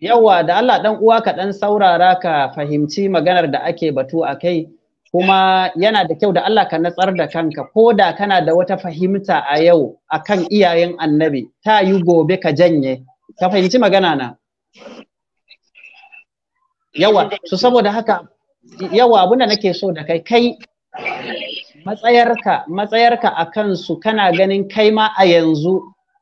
Yawwa da Allah dan uwa ka dan saurara ka fahimci maganar da ake batu a kai kuma yana da kyau da Allah ka natsar da kanka ko da kana da wata fahimta a yau akan iyayen annabi ta yi gobe ka janye ka fahimci magana na yawa so saboda haka nake so da kai kai matsayarka matsayarka a kansu kana ganin kai ma a yanzu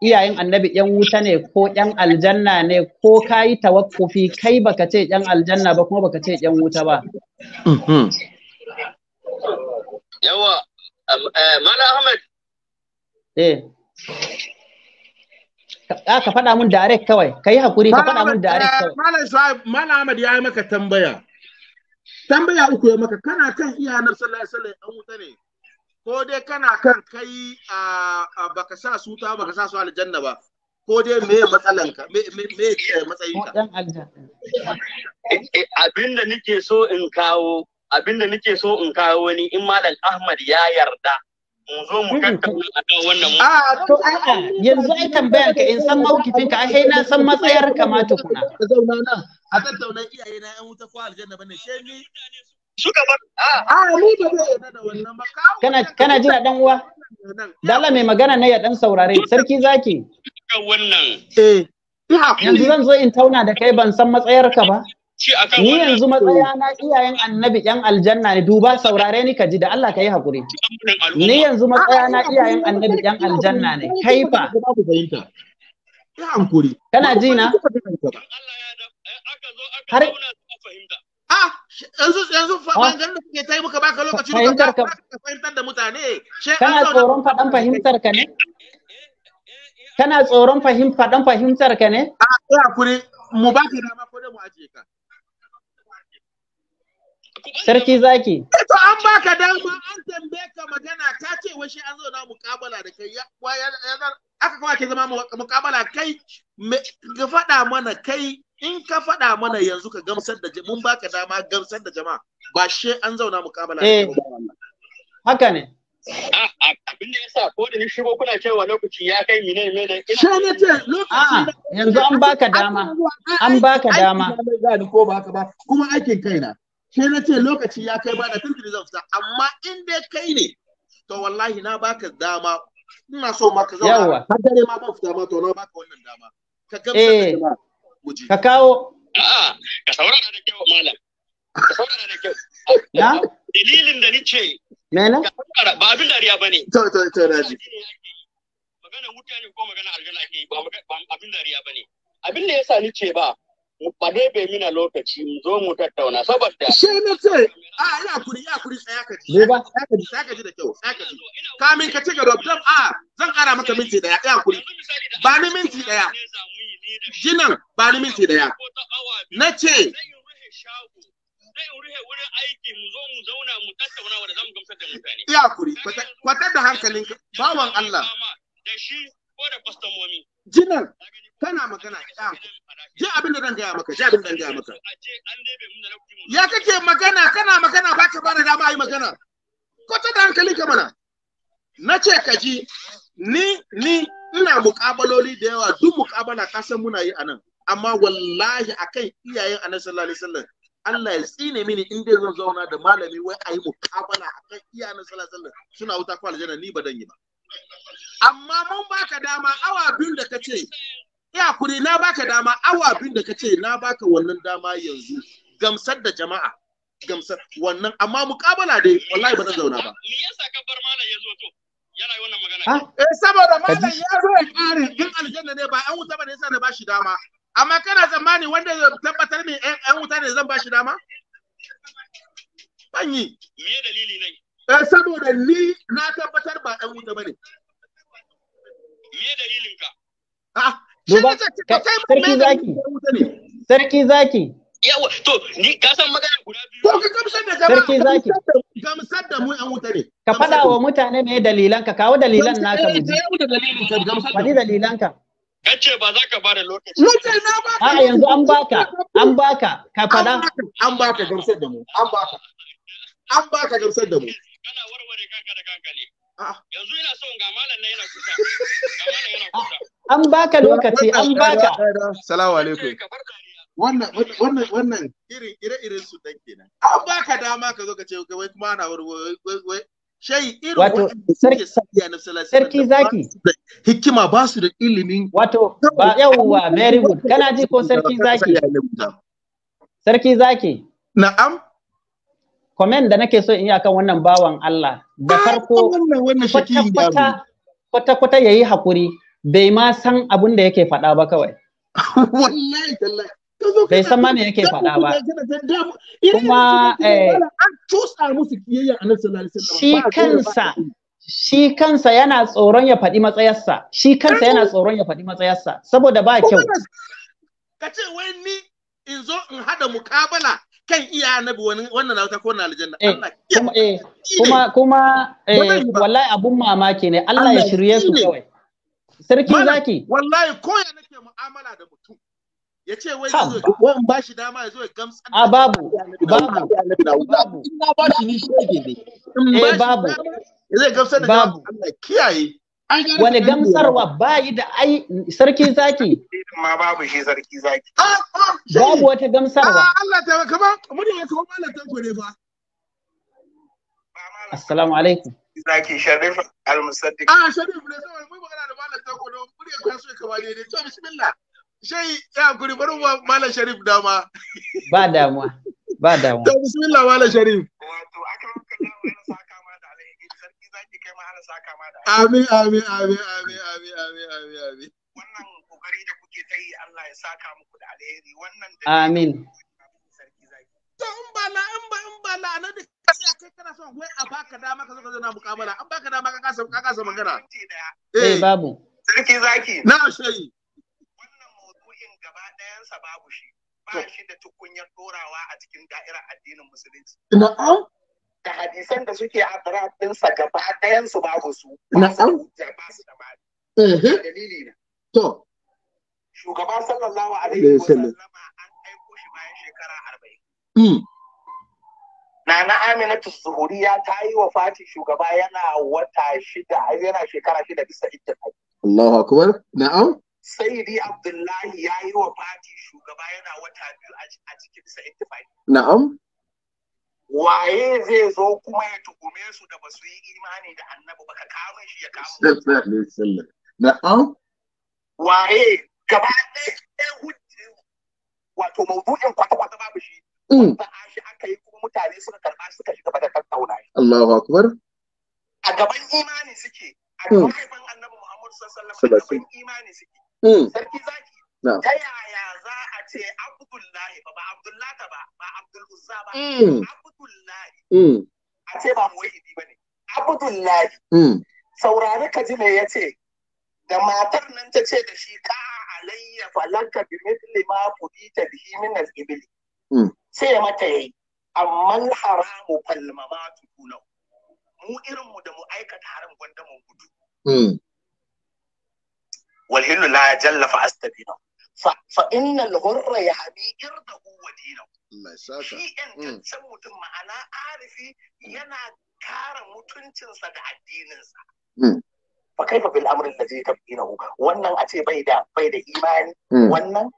iyayen annabi yan wuta ne ko yan aljanna ne ko ka yi tawakkufi kai baka ce yan aljanna ba kuma baka ce yan wuta ba mm-hmm. yawa eh, mala ahmed eh a ka faɗa mun direct kawai ka yi hakuri ka faɗa mun direct kawai malam eh, sahib malam ahmed ya yi maka tambaya tambaya uku ya maka kana kan iya na sallallahu alaihi wasallam an wuta ne ko dai kana kan kai a baka sa su ta baka sa su aljanna ba ko dai me ka me me eh, matsayinka eh, eh, abinda nake so in kawo abinda nake so in kawo ni in malam Ahmad ya yarda mu zo mu tattauna akan wannan a ah, to a yanzu ai tambayar ka in san mawkifin ka ai na san matsayar ka ma tukuna ka zauna na a tattauna iyaye na yan wuta ko aljanna bane sai ni shugaban ah. a ni ba zai ba kana kana jira dan uwa dala mai magana ne ya dan saurare sarki zaki wannan eh yanzu zan zo in tauna da kai ban san matsayar ka ba ni yanzu matsaya na iyayen annabi yan aljanna ne duba saurare ni ka ji da Allah ka yi hakuri ni yanzu matsaya na iyayen annabi yan aljanna ne kai fa kana ji na eh, har yanzu yanzu bangan ah. da kuke tai muka baka lokaci duka ka fahimtar da mutane kana tsoron faɗan fahimtar ka ne kana tsoron fahim faɗan fahimtar ka ne a kai hakuri mu ba ka dama ko da mu ajiye ka sarki zaki eh, to an baka dama an tambaye ka magana ka ce wai shi an zo na mukabala da kai ya aka kawo ke zama mukabala kai ka faɗa mana kai in ka faɗa mana yanzu ka gamsar da mun baka dama gamsar da jama'a ba she an zauna mukamala eh haka ne abin da yasa ko da ni shigo kuna cewa lokaci ya kai mine mene she ne ce lokaci yanzu an baka dama an baka dama ko ba ba kuma aikin kaina she ne ce lokaci ya kai ba da tuntuni zan fita amma in dai kai ne to wallahi na baka dama ina so ka zauna har dare ma ban fita ma to na baka wannan dama ka gamsar da eh. jama'a ka kawo na mena ba abin dariya to ko magana aljanna abin da yasa ce ba Mu dai bai mina lokaci mu zo mu tattauna saboda she na ce ah, a ya kuri ya kuri tsaya ka ji ne ba tsaya ka ji da kyau tsaya ka ji kamin ka ci gaba dan a zan kara maka minti daya ya kuri ba ni minti daya jinan ba ni minti daya na ce iya kuri kwatar da hankalinka bawan Allah da jinan kana magana ya Je abin da zan gaya maka je abin da zan gaya maka ya kake magana kana magana ba ka da dama yi magana kwata da hankalinka mana na ce ka ji ni ni ina muƙabaloli da yawa duk muƙabala ka san muna yi anan amma wallahi akan iyayen annabi sallallahu alaihi wasallam Allah ya tsine mini in dai zan zauna da malami wai a yi muƙabala akan iyayen sallallahu alaihi wasallam suna wuta ko aljanna ni ba dan yi ba amma mun baka dama awa biyu da kace ya kuri na baka dama awa abinda da kace na baka wannan dama yanzu gamsar da jama'a gamsar wannan amma muƙabala dai wallahi ba zan zauna ba me yasa ka bar malam yazo to yana yi wannan magana eh saboda malam ya zo ya kare din aljanna ne ba an wuta ba ne yasa na bashi dama amma kana zamani wanda ya tabbatar me an wuta ne zan bashi dama banyi yi me dalili nan eh saboda ni na tabbatar ba an wuta ba ne me dalilin ka ah duba sarki zaki sarki zaki yawa to ni ka san magana guda biyu to ka kamsar da jama'a sarki zaki gamsar da mu wuta ne ka faɗa wa mutane me dalilan ka kawo dalilan naka eh, mu ji dalilan ka kace ba za ka bada lokaci na ba yanzu an baka an baka ka faɗa an baka gamsar da mu an baka an baka gamsar da mu kana warware kanka da Yanzu son ga malam na yana kusa. An baka lokaci, an baka. alaikum. Wannan wannan wannan irin ire su dan kenan. An baka dama ka zo ka ce wai kuma ana wai irin wato sarki zaki hikima ba su da ilimin wato ba yawwa very good kana ji ko sarki zaki sarki zaki na'am comment da nake so in yi akan wannan bawan Allah da farko kwata kwata yayi hakuri bai ma san abin da yake faɗa ba kawai wallahi tallahi bai san ma me yake faɗa ba kuma shi kansa shi kansa yana tsoron ya faɗi matsayarsa shi kansa yana tsoron ya faɗi matsayarsa saboda ba kyau ka ce wai ni in zo in hada mukabala kan iya annabi wannan na ko na aljanna eh, Allah eh, kuma kuma eh wallahi abun mamaki ne Allah ya shirye su kawai sarki zaki wallahi ko ya nake mu'amala da mutum yace wai zo wani bashi dama ya zo ya gamsa a ah, babu babu babu in na ba shi ni shege ne in eh babu zai gamsa da babu Allah kiyaye wani gamsarwa bayi da ai sarki zaki ma babu shi sarki zaki ah, ah, babu wata gamsarwa ah, Allah ta ba, murin ya kawo malam tanko ne ba. assalamu alaikum zaki sharif al-musaddiq ah sharif ne sai mun magana da malam tanko don murin ya kaso kama ne to bismillah shai ya guri bari malam sharif dama ba damuwa ba damuwa to bismillah malam sharif wato akan wani saka ma da amin amin amin amin amin amin amin amin wannan kokari da kuke ta yi Allah ya saka muku da alheri wannan da amin to in in ba in na da kai kana wai a baka dama ka zo na mukamala an baka dama ka kasa ka kasa magana eh. eh babu sarki zaki na shayi wannan maudu'in gaba sa babu shi ba shi da tukunyar dorawa a cikin da'irar addinin musulunci um? da hadisan da suke a ɗinsa gaba ɗayan su babu su ba su da mali mhm. dalili na to shugaba sallallahu alaihi wa sallama an aiko shi bayan shekara arba'in mm. Nana Aminatu Zuhuriya ta yi wa Fati shugaba yana wata shida yana shekara shida bisa ittifaq. Allahu akbar. Na'am. Sayyidi Abdullahi ya yi wa Fati shugaba yana wata biyu a cikin bisa ittifaq. Na'am. waye zai zo kuma ya tuhume su da ba su yi imani da annabi ba ka kama shi ya kama na'am waye gaba ɗaya hujji wato maudu'in kwata-kwata babu shi ba mm. a shi aka yi kuma mutane suka karɓa suka shiga ba da tattauna Allahu akbar a gaban imani suke a mm. gaban annabi Muhammad sallallahu alaihi wasallam a gaban imani suke mm. sarki zaki ta yaya za a ce an abdullahi ba ba abdullata ba ba abdul mm. ba abdullahi mm. a ce ba muwahidi ba ne abdullahi mm. saurari ka ji me ya ce da matar nan ta ce da shi ka alayya falanka bi mithli ma fudita bihi min al-ibil sai ya mata yayi amma haramu fal mamatu kulau mu irin mu da mu aikata haram gwanda mu gudu wal hillu la jalla fa astabina fa innal hurra ya habi irdahu wa dinahu mm. mutum ma'ana arifi yana kare mutuncinsa da addininsa mm. fa kaifa bil amri allazi tabinahu wannan a bai da imani mm. wannan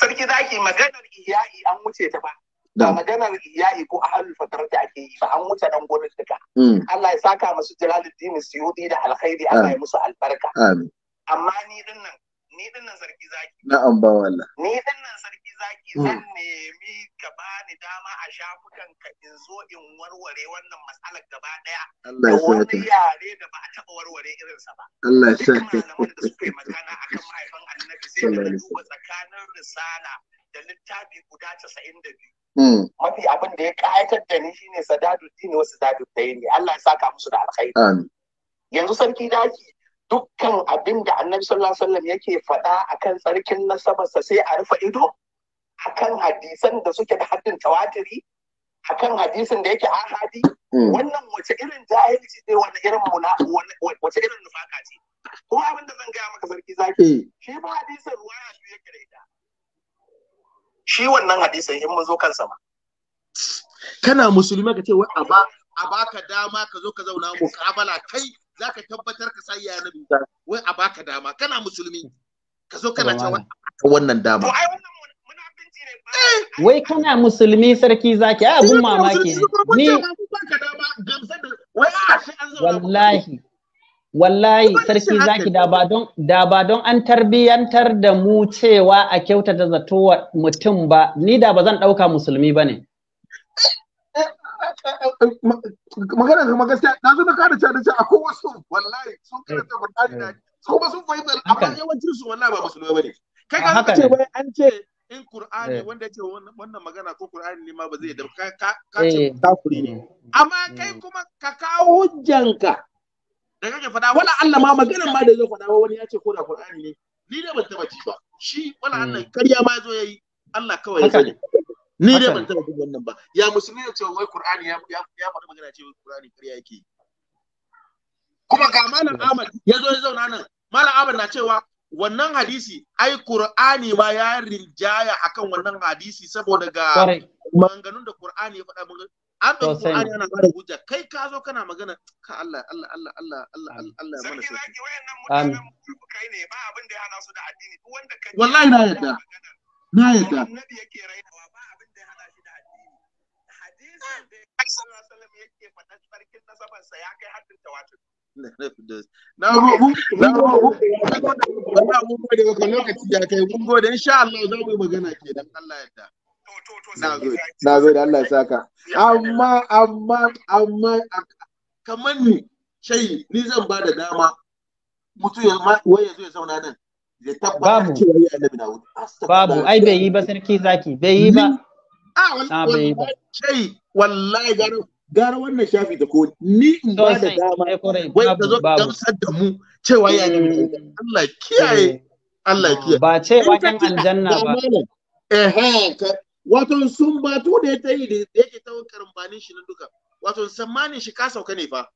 sarki zaki maganar iyayi an wuce ta ba ba maganar iyayi ko ahalul fatar da ake yi ba an wuce nan gurin duka Allah ya saka masu jalaluddin suyudi da alkhairi Allah ya musu albarka amma ni din ni din nan sarki zaki na'am ba wallah ni din sarki zaki hmm. zan nemi ka bani dama a shafukan ka in zo in warware wannan matsalar gaba daya Allah ya saka yare da ba a taba warware irin sa ba Allah ya sa da suka yi magana akan mahaifin annabi sai da duba tsakanin risala da littafi guda 92 hmm. mafi abin da ya kayatar da ni shine sadadu dini wasu sadadu ne Allah ya saka musu da alkhairi yanzu sarki zaki. dukkan abin da annabi sallallahu alaihi wasallam yake faɗa akan tsarkin nasabarsa sai a rufe ido akan hadisan da suke da haddin tawatiri akan hadisin da yake ahadi hmm. wannan wace irin jahilci ne wani irin muna wace irin nufaka ce kuma abin da zan gaya maka sarki zaki hmm. shi ba hadisin ruwa ya biyu yake da ita shi wannan hadisin in mun zo kansa ma kana musulmi ka ce wai a ba a baka dama ka zo ka zauna mu kabala kai za ka tabbatar ka sa ya nabi wai a baka dama kana musulmi ka zo kana cewa wannan dama eh. wai kana musulmi sarki zaki a abun mamaki ne ni wallahi wallahi sarki zaki da ba don da ba don an tarbiyantar da mu cewa a kyautata zato mutum ba ni da ba zan dauka musulmi bane magana da gaskiya na zo na kada ta dace akwai wasu wallahi sun eh, karanta Qur'ani na eh. su ba sun fahimta amma yawancin su wallahi ba musulmai bane kai ka ce wai an ce in Qur'ani eh. wanda ce wannan magana ko Qur'ani ne ma ba zai da ka ka ce kuri ne mm. amma kai mm. kuma ka kawo hujjanka da kake faɗa wala Allah ma maganar ma da zai faɗa ba wani ya ce ko da Qur'ani ne ni ne ban taba ba shi wala Allah karya mm. ma zo yayi Allah kawai ya sani ni dai ban taɓa dubban wannan ba ya musulmi ya ce wai qur'ani ya ya faɗi magana ce wai qur'ani ƙarya yake kuma ga malam Ahmad ya zo ya zauna nan malam Ahmad na cewa wannan hadisi ai qur'ani ma ya rinjaya akan wannan hadisi saboda ga maganganun da qur'ani ya faɗa mun an ɗauki qur'ani yana bada hujja kai ka zo kana magana ka Allah Allah Allah Allah Allah Allah mana sai amin wallahi na yadda na yadda yake faɗan sarkin nasabarsa ya kai haddin tawatur na mun gode maka lokaci ya kai mun gode insha Allah za mu yi magana ke dan Allah da na zo da Allah ya saka amma amma amma kamar ni shayi ni zan ba da dama mutum ya wai ya zo ya zauna nan ya ya babu ai bai yi ba sarki zaki bai yi ba a wallahi shayi wallahi garin gara wannan shafi ta ko ni in ba da dama eh, wai da zo gamsar da mu cewa ya ne eh, Allah kiyaye eh, Allah kiyaye ba ce ba kan aljanna ba eh wato sun ba to da ta yi da yake ta banin shi na duka wato sammanin shi ka sauka ne fa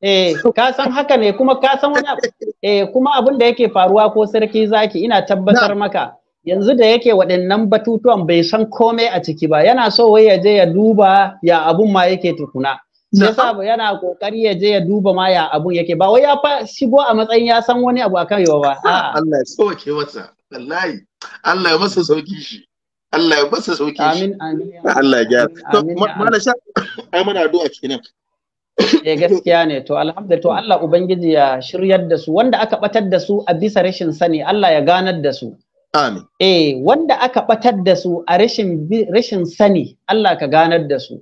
Eh, ka san haka ne kuma ka san wani eh kuma abin da yake faruwa ko sarki zaki ina tabbatar maka yanzu da yake waɗannan batutuwan bai san komai a ciki ba yana so wai ya je ya duba ya abun ma yake tukuna yasa ba yana kokari ya je ya duba ma ya abun yake ba wai ya fa shigo a matsayin ya san wani abu akan yawa ba Allah ya sauke masa wallahi Allah ya masa sauki shi Allah ya masa sauki shi amin amin Allah ya gyara to sha ai mana addu'a kenan eh gaskiya ne to alhamdulillah to Allah ubangiji ya shiryar da su wanda aka batar da su a bisa rashin sani Allah ya ganar da su Amin. Eh, wanda aka batar da su a rashin rashin sani, Allah ka ganar da su.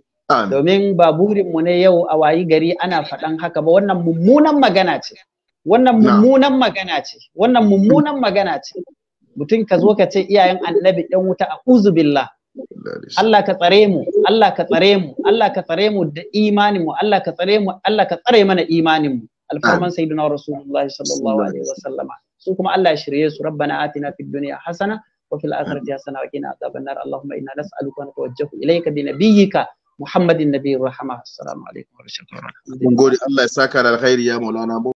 Domin ba burinmu ne yau a wayi gari ana faɗan haka ba wannan mummunan magana ce. Wannan mummunan magana ce. Wannan mummunan magana ce. Mutum ka zo ka ce iyayen annabi ɗan wuta a uzubillah. Allah ka tsare mu, Allah ka tsare mu, Allah ka tsare mu da imanin mu, Allah ka tsare mu, Allah ka tsare mana imanin mu. Alfarman sayyidina Rasulullah sallallahu alaihi wa sallama. su kuma Allah shirye su rabbana atina fid dunya hasana wa fil akhirati hasana wa qina adhaban nar allahumma inna nas'aluka wa natawajjahu ilayka bi nabiyyika muhammadin nabiyir rahma assalamu alaikum wa rahmatullahi mun gode Allah ya saka da alkhairi ya maulana